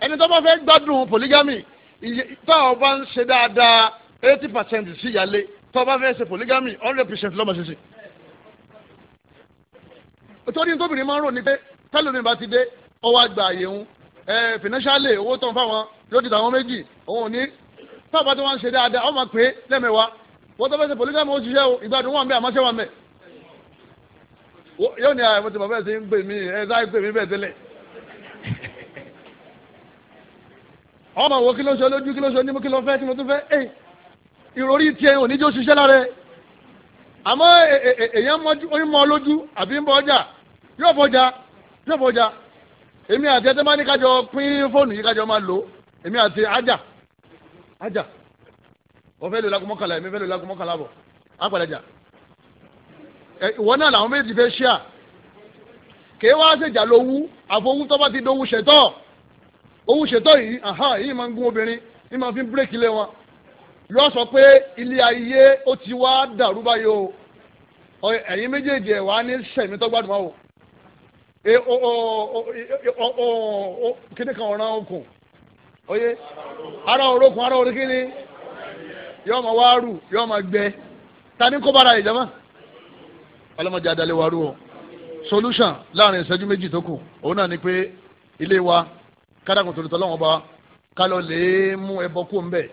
ẹni tó bá fẹ́ gbádùn polygamy tá a bá ń ṣe dáadáa eighty percent sí ìyálé tó bá fẹ́ ṣe polygamy hundred percent lọ́mọ ṣe sí. torí tóbìnrin máa ń rò ní pé tẹ́lómi bá ti dé ọwọ́ àgbà àyè ń financially owó tán fáwọn lójú tàwọn méjì òun ò ní tá a bá ń ṣe dáadáa ọmọ pé lẹ́mẹ̀wá wọ́n tó fẹ́ ṣe polygamy ó ṣiṣẹ́ o ìgbádùn wọn bẹ́ẹ̀ àmọ́ ṣẹ́ wọn bẹ́ẹ̀ yóò ní àwọn tí mo fẹ́ ṣe ń gbè mí ẹ̀ ọmọ wo kí ló ń ṣe lójú kí ló ń ṣe onímú kí ló ń fẹ́ kí ló tún fẹ́ ẹ eh, ìròrí tiẹ̀ oníjó ṣiṣẹ́ lára àmọ́ eh, eh, èèyàn mọ lójú àbí ń bọ ọjà yóò bọjà yóò bọjà èmi àti ẹtẹ máa ní kájọ pín fóònù yìí kájọ máa lò èmi àti ajá ajá wọ́n fẹ́ lò lágùn mọ́kànlá èmi fẹ́ lò lágùn mọ́kànlá bọ̀ àpàlẹ́jà ìwọ náà làwọn méjì fẹ́ ṣíà kéwàá ṣèjà lówú àfọwú tó bá ti dówú ṣẹ̀tọ́ọ̀. òun ṣètò yìí aha yìí máa ń gún obìnrin ní máa fi ń bírèkì lé wọn yóò sọ pé ilé ayé ó ti wá dàrú báyìí o ẹ̀yin méjèèjì ẹ̀ wá ní sẹ̀mí tó gbádùn ọ e, o kíni kan ọ̀ràn okùn Oye ara orókùn ara orí kíni ma máa wá ma gbẹ ta ni kó bára ìjọba ọlọ́mọdé o solution láàrin ìṣẹ́jú méjì tó kù òun náà ni pé kádàkùn torí tọ́lọ́wọ́n bá kálọ̀ lè mú ẹbọ kó ń bẹ̀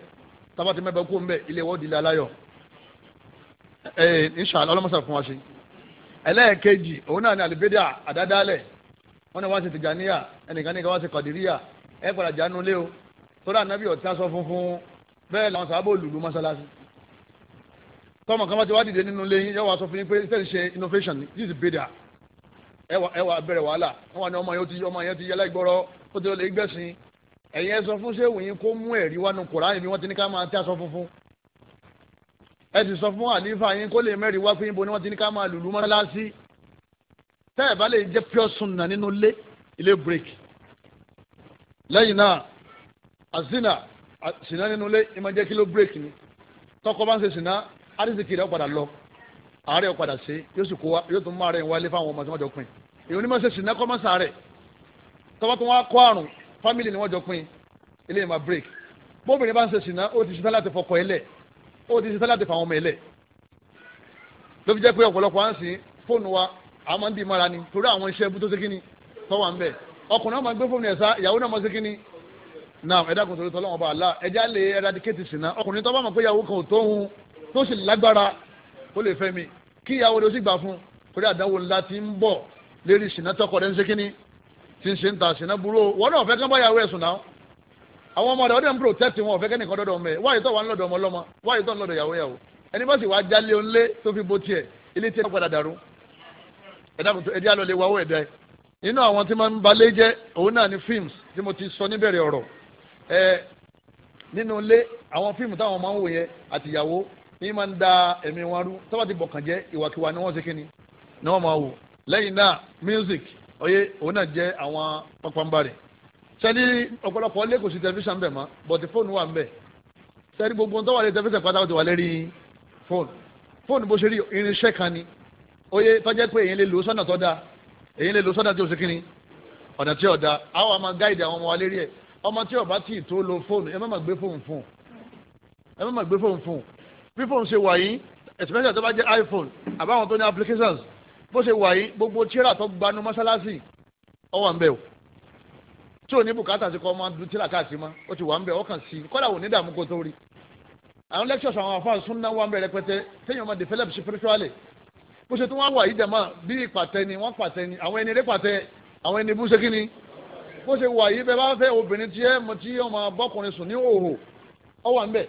tábàtì mẹ́bẹ̀ kó ń bẹ̀ ilé wọ́ọ̀dì ilé aláyọ̀ ẹ̀ inṣàlá ọlọ́mọṣà fún wa ṣe ẹlẹ́ẹ̀kejì òun náà ni àlùbẹ́dà àdádálẹ̀ wọ́n ní wá sí tìjàníyà ẹnìkan ní ká wá sí kọ̀dìríyà ẹ padà jánu lé o tọ́lá ànábì ọ̀tí aṣọ funfun bẹ́ẹ̀ làwọn sábà olùlú mọ́ṣáláṣí tọ́mọ̀ kan bá ti wá dìde nínú lé yín yọ sọ fún yín pé innovation this is beda ẹwà ẹwà bẹ̀rẹ̀ wàhálà wọn wà ní ọmọ yẹn ti ọmọ yẹn ti yẹ láìgbọ́rọ̀ ó ti lọ lè gbẹ̀sìn ẹ̀yin ẹ fún sẹ́wù yín kó mú ẹ̀rí wá nu kùránì bí ti ní ká máa tẹ́ aṣọ funfun ẹ ti sọ fún àlífà yín kó lè mẹ́rin wá fún yín bo ni wọ́n ti ní ká máa lùlù mọ́ṣáláṣí tẹ́ ẹ̀ bá lè jẹ́ pure sunna nínú ilé ilé break lẹ́yìn náà àzínà sìnà nínú ilé ìmọ̀ jẹ́ break ni tọkọ bá ń ṣe sìnà àdìsí kiri ọ̀ padà lọ àárẹ̀ padà sí yóò sì kó wa yóò tún mú àárẹ̀ wálé fáwọn ọmọ tí wọ́n jọ pin èèyàn ní ma ṣe sìnà kọ́mọ́ sàárẹ̀ tọ́wọ́ tó wọ́n á kó àrùn fámìlì ni wọ́n jọ pin ilé ìmọ̀ break bóbìnrin bá ń ṣe sìnà ó ti ṣetán láti fọkọ ẹ ó ti ṣetán láti fàwọn ọmọ ẹ ló fi jẹ́ pé ọ̀pọ̀lọpọ̀ à ń sìn fóònù wa àwọn máa ń bí mọ́ra ni torí àwọn iṣẹ́ bú tó ṣe kíni tọ́wọ́ à ń bẹ̀ ọkùnrin náà máa ń gbé fóònù ẹ̀ sá ìyàwó náà máa ṣe kí ìyàwó rẹ̀ ó sì gbà fún torí àdánwò ńlá ti ń bọ̀ lérí ìsìnà tọkọ rẹ̀ ń ṣe kínní ti ń ṣe ń ta ìsìnà burú wọn náà fẹ́ kán bá ìyàwó ẹ̀sùn náà àwọn ọmọ rẹ̀ ọdẹ ń protect wọn ọ̀fẹ́ kẹ́nìkan dọ́dọ̀ ọmọ ẹ̀ wáyé tó wà ńlọ́dọ̀ ọmọ ọlọ́mọ wáyé tó ńlọ́dọ̀ ìyàwó ìyàwó ẹni bá sì wá jálé onlé tó fi bó tiẹ̀ ilé tiẹ̀ padà dàrú ẹ̀dá lọ lè wáwó ẹ̀dá ẹ̀ nínú àwọn tí máa ń balẹ̀ jẹ́ òun náà ni films tí mo ti sọ níbẹ̀rẹ̀ ọ̀rọ̀ ẹ̀ nínú ilé àwọn fíìmù táwọn máa ń wò yẹn àtìyàwó ní máa ń da ẹ̀mí wọn rú tọ́ba ti bọ̀kàn jẹ́ ìwàkiwà ni wọ́n ṣe kíni ni wọ́n máa wò lẹ́yìn náà music oye òun náà jẹ́ àwọn pàpàǹbarì sẹ́ni ọ̀pọ̀lọpọ̀ ilé kò sí tẹlifíṣàn bẹ̀ mọ́ bọ̀tí fóònù wà ń bẹ̀ sẹ́ni gbogbo tó wà lé tẹlifíṣàn pátá ti wà lérí fóònù fóònù bó ṣe rí irinṣẹ́ kan ni oyè tọ́jẹ́ pé èyí lè lò sọ́nà tó dáa èyí lè lò sọ́nà tí o ṣe kíni ọ̀nà tí ò da àwọn ọmọ gáìdì àwọn ọmọ wa lérí ẹ̀ ọmọ tí ó bá tí ì tó lo fóònù ẹ má má gbé fóònù fún ẹ má má gbé fóònù fún fífòun ṣe wà yìí especially tó bá jẹ́ iphone àbáwọn tó ní applications bó ṣe wà yìí gbogbo tíra tó gbanú mọ́ṣáláṣí ó wà ń bẹ̀ o tí ò ní bùkátà sí kọ́ máa du tíra káàkiri mọ́ ó ti wà ń bẹ̀ ọkàn sí i kọ́dà ò ní dààmú kó tó rí àwọn lectures àwọn afa sunna wà ń bẹ̀ rẹpẹtẹ téèyàn máa develop spiritually bó ṣe tó wá wà yìí dẹ̀mọ́ bí ìpàtẹ ni wọ́n pàtẹ ni àwọn ẹni eré pàtẹ àwọn ẹni ibùsẹ̀ kí ni bó ṣe wà yìí bẹ́ẹ̀ bá fẹ́ obìnrin tí ẹ mọ̀ tí ọmọ bọ́kùnrin sùn ní òhò ó wà ń bẹ̀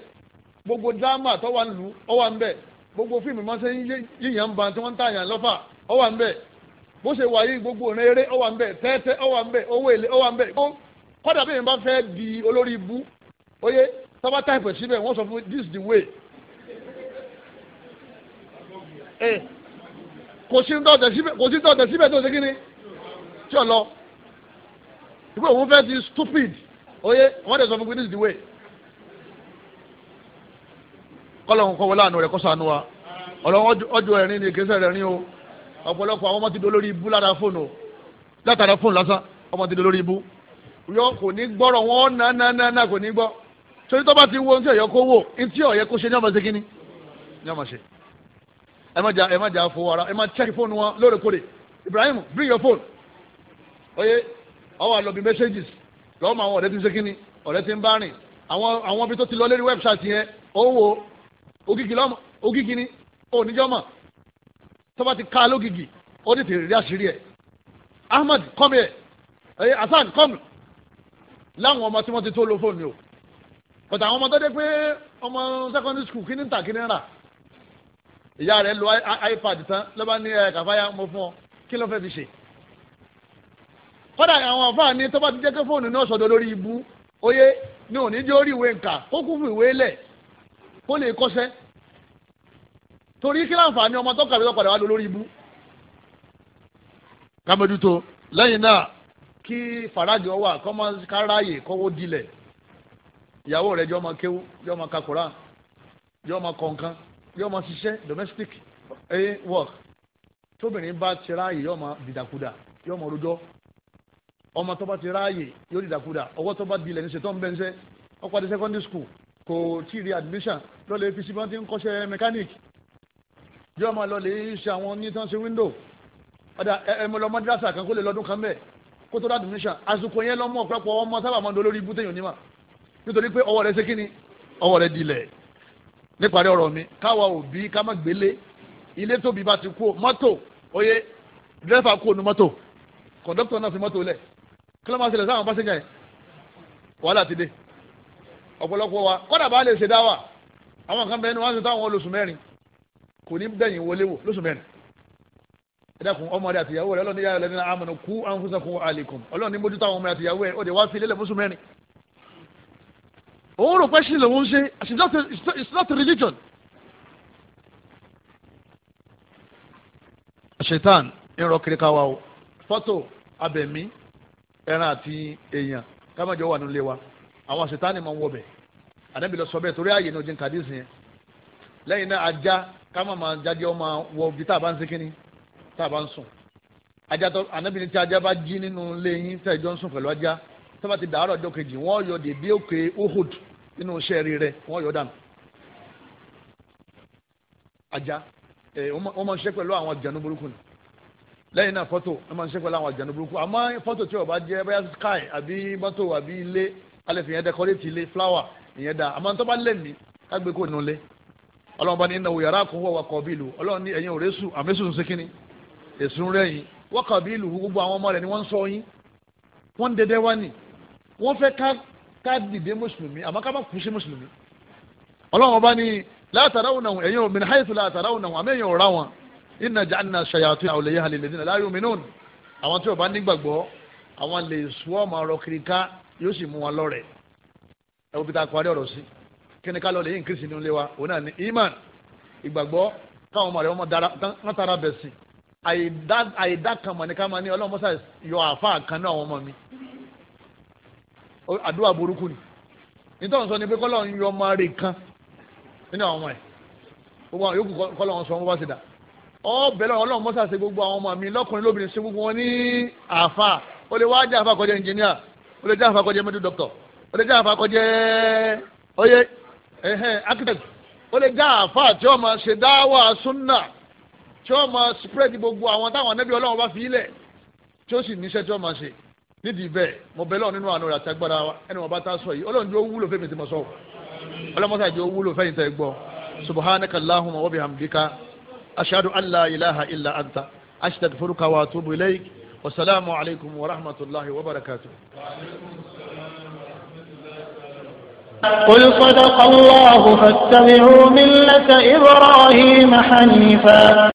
gbogbo dírámà tó wà nílùú ó wà níbẹ̀ gbogbo fíìmù máa ń ṣe ń ba tí wọ́n ń tààyàn lọ́fà ó wà níbẹ̀ bó ṣe wà yìí gbogbo ọ̀nà eré wà níbẹ̀ tẹ́tẹ́ ó wà níbẹ̀ owó èlé ó wà níbẹ̀ kọ́dà bí èèyàn bá fẹ́ di olórí ibú oyè tọ́ba táìpù síbẹ̀ wọ́n sọ fún this is the way. Eh, kò sí tọ́tẹ̀ síbẹ̀ tó ṣe kí ni tí ò lọ ìpè òun fẹ́ ti stupid oyè wọ́n dẹ̀ sọ fún this is the way kọ́lọ́hún kọ́ wọlé àánú rẹ̀ kọ́ sànú wa ọlọ́run ọjọ́ ẹ̀rín ni kẹsẹ̀ rẹ̀ rín o ọ̀pọ̀lọpọ̀ àwọn ọmọ ti do lórí ibú lára fóònù látara fóònù lásán ọmọ ti do lórí ibú yọ kò ní gbọ́rọ̀ wọn ná ná ná ná kò ní gbọ́ torí tó bá ti wo ntí ọ̀yọ́ kó wò ntí ọ̀yẹ́ kó ṣe ní ọmọ ṣe kíní ní ọmọ ṣe ẹ má jà ẹ má jà fowó ara ẹ má check fóònù wọn lóòrèkóòrè Ibrahim bring your phone oye ọwọ́ àlọ́bí messages lọ́wọ́ àwọn ọ̀rẹ́ ti ṣe kíní ọ̀rẹ́ ti ń bá rìn àwọn àwọn ibi tó ti lọ lórí website yẹn ó wò ògìgì lọ́mọ ògìgì ni oníjọ́mọ̀ tọ́ba ti ká lógìgì ó ní tèrè rí àṣírí ẹ̀ Ahmed kọ́mi ẹ̀ ẹ̀ Hasan kọ́mi láwọn ọmọ tí wọ́n ti tó lo fóònù o bàtà àwọn ọmọ tó dé pé ọmọ secondary school kí ni ń tà kí ni ń rà ìyá rẹ̀ lo iPad tán lọ́ba ní ẹ̀ kàfáyà mo fún ọ kí ló fẹ́ fi ṣe kọ́dà àwọn àfáà ni tọ́ba ti jẹ́ pé fóònù náà sọ̀dọ̀ lórí ibú oyé ni òní jẹ́ orí ìwé nǹka ó kún fún ìwé lẹ̀ kó lè kọ́ṣẹ́ torí kí láǹfààní ọmọ tó kàwé lọ́pàdà wà lórí ibú kámẹ́dútó lẹ́yìn náà kí farajọ wà kọ́mọ káráyè kọ́wọ́ dilẹ̀ ìyàwó rẹ̀ jọ́ máa kéwú jọ́ máa ka Kùránì jọ́ máa kọ̀ǹkan jọ́ máa ṣiṣẹ́ domestic eh, work tóbìnrin bá ti ráàyè yọ́ máa dìdàkudà yọ́ máa rojọ́ ọmọ tó bá ti ráàyè yóò dìdàkudà ọwọ́ tó bá dilẹ̀ ní ṣètọ́ ń bẹ́ńṣẹ́ ọ̀pá kò tí ì rí admission lọ́lẹ̀ fi síbọn tí ń kọ́ṣẹ́ mechanic yóò máa lọ́lẹ̀ ṣe àwọn onítàn ṣe window ọ̀dà ẹ̀mọ lọ mọ́dúrásà kan kó lè lọ́dún kan bẹ́ẹ̀ kó tó dá admission àsìkò yẹn lọ́mọ ọ̀pẹ́pọ̀ ọmọ sábà máa ń dolórí ibú téèyàn nímà nítorí pé ọwọ́ rẹ ṣe kíni ọwọ́ rẹ dilẹ̀ níparí ọ̀rọ̀ mi káwa òbí ká má gbélé ilé tóbi bá ti kú mọ́tò oyè dírẹ́fà kú ònú mọ́tò kọ̀ńdọ́kítọ̀ náà fi mọ́tò lẹ̀ kí ló máa ṣẹlẹ̀ sáwọn pásẹ́njà yẹn wàhálà ti dé ọ̀pọ̀lọpọ̀ wa kọ́dà bá lè ṣe dáwà àwọn kan bẹ́ẹ̀ ni wọ́n ń ṣe táwọn olóṣù mẹ́rin kò ní dẹ̀yìn wọlé wò lóṣù mẹ́rin ẹ dákun ọmọdé àtìyàwó rẹ ọlọ́ni yára lẹ́ni amọ̀nà kú anfusakum àlèkùn ọlọ́ni mójútó àwọn ọmọ àtìyàwó ẹ ọdẹ wá fi lélẹ̀ fóṣù mẹ́rin. òun rò pé ṣì lòun ṣe it's not religion. ṣètàn ìrọ̀ kiri ká wa o fọ́tò abẹ̀mí ẹran àti èèyàn ká má jọ wà nílé wa àwọn sitani máa ń wọbẹ̀ ànábì lọ sọ bẹ́ẹ̀ torí ààyè náà jẹ́ nkàdísì yẹn lẹ́yìn náà ajá ká má máa jáde ọmọ wọ bí tá a bá ń sékíní tá a bá ń sùn ajá tó ànábì ní tí ajá bá jí nínú ilé yín tẹ́ ń sùn pẹ̀lú ajá tó bá ti dàárọ̀ ọjọ́ kejì wọ́n yọ dèbí òkè Uhud nínú iṣẹ́ rí rẹ wọ́n yọ dànù ajá wọ́n máa ń ṣe pẹ̀lú àwọn àjànú burúkú ni lẹ́yìn náà fọ́tò wọ́n máa ń ṣe pẹ̀lú àwọn àjànú burúkú àmọ́ fọ́tò tí ó bá jẹ́ sky àbí mọ́tò àbí ilé alẹ́ fi yẹn dẹkọrétì ilé fúláwà ìyẹn dá àmọ́ tó bá lẹ̀ mí kágbé kò nulẹ̀ ọlọ́run bá ní iná yàrá kó wọ́wọ́ kọ́ bílù ọlọ́run ní ẹ̀yin òrésù àmẹ́sù ń sekínì èsù ń rẹ́yìn wọ́n kọ́ bílù gbogbo àwọn ọmọ rẹ̀ ni wọ́n ń sọ yín wọ́n ń dẹdẹ́ wá nì wọ́n fẹ́ ká ká dìde mùsùlùmí àmọ́ ká má kú sí mùsùlùmí ọlọ́run bá ní látara òun àwọn ẹ̀yin òmìnira hayes látara òun àwọn yóò sì mú wọn lọ́rẹ̀ ẹ wo bí ta parí ọ̀rọ̀ sí kí ni ká lọ lè yín kírísì nílé wa òun náà ni iman ìgbàgbọ́ káwọn ọmọ rẹ wọn dara wọn tara bẹ̀ sí àìdá kan mọ̀ ní ká máa ní ọlọ́run mọ́sá yọ àáfàá kan náà àwọn ọmọ mi àdúrà burúkú ni nítorí sọ ni pé kọ́lọ́run yọ ọmọ rẹ̀ kan nínú àwọn ọmọ ẹ̀ gbogbo àwọn yòókù kọ́lọ́run sọ wọn bá ti dà ọ bẹ̀rẹ̀ ọlọ́run mọ́sá ṣe gbogbo àwọn ọmọ mi lọ́kùnrin lóbìnrin ṣe gbogbo wọn ní àáfàá ó lè wá jẹ́ àáfàá kọjá ẹnjìníà O lè jẹ́ àfa kó jẹ́ mẹ́dù dọ́kítọ̀ ó lè jẹ́ àfa kó jẹ́ oyè architect ó lè jẹ́ àfa tí ó máa ṣe dáwà súnà tí ó máa spread gbogbo àwọn táwọn anábì ọlọ́run bá fi ilẹ̀ tí ó sì níṣẹ́ tí ó máa ṣe nídìí bẹ́ẹ̀ mo bẹ̀ lọ́ọ̀ nínú àánú rẹ̀ àtàgbára ẹni wọn bá tá a sọ yìí ọlọ́run jẹ́ ó wúlò fẹ́mi tí mo sọ ọlọ́mọta jẹ́ ó wúlò fẹ́yìn tẹ́ gbọ́ subhanaka allahumma wa bihamdika ashhadu an la ilaha illa anta astaghfiruka wa atubu ilayk والسلام عليكم ورحمة الله وبركاته قل صدق الله فاتبعوا ملة إبراهيم حنيفا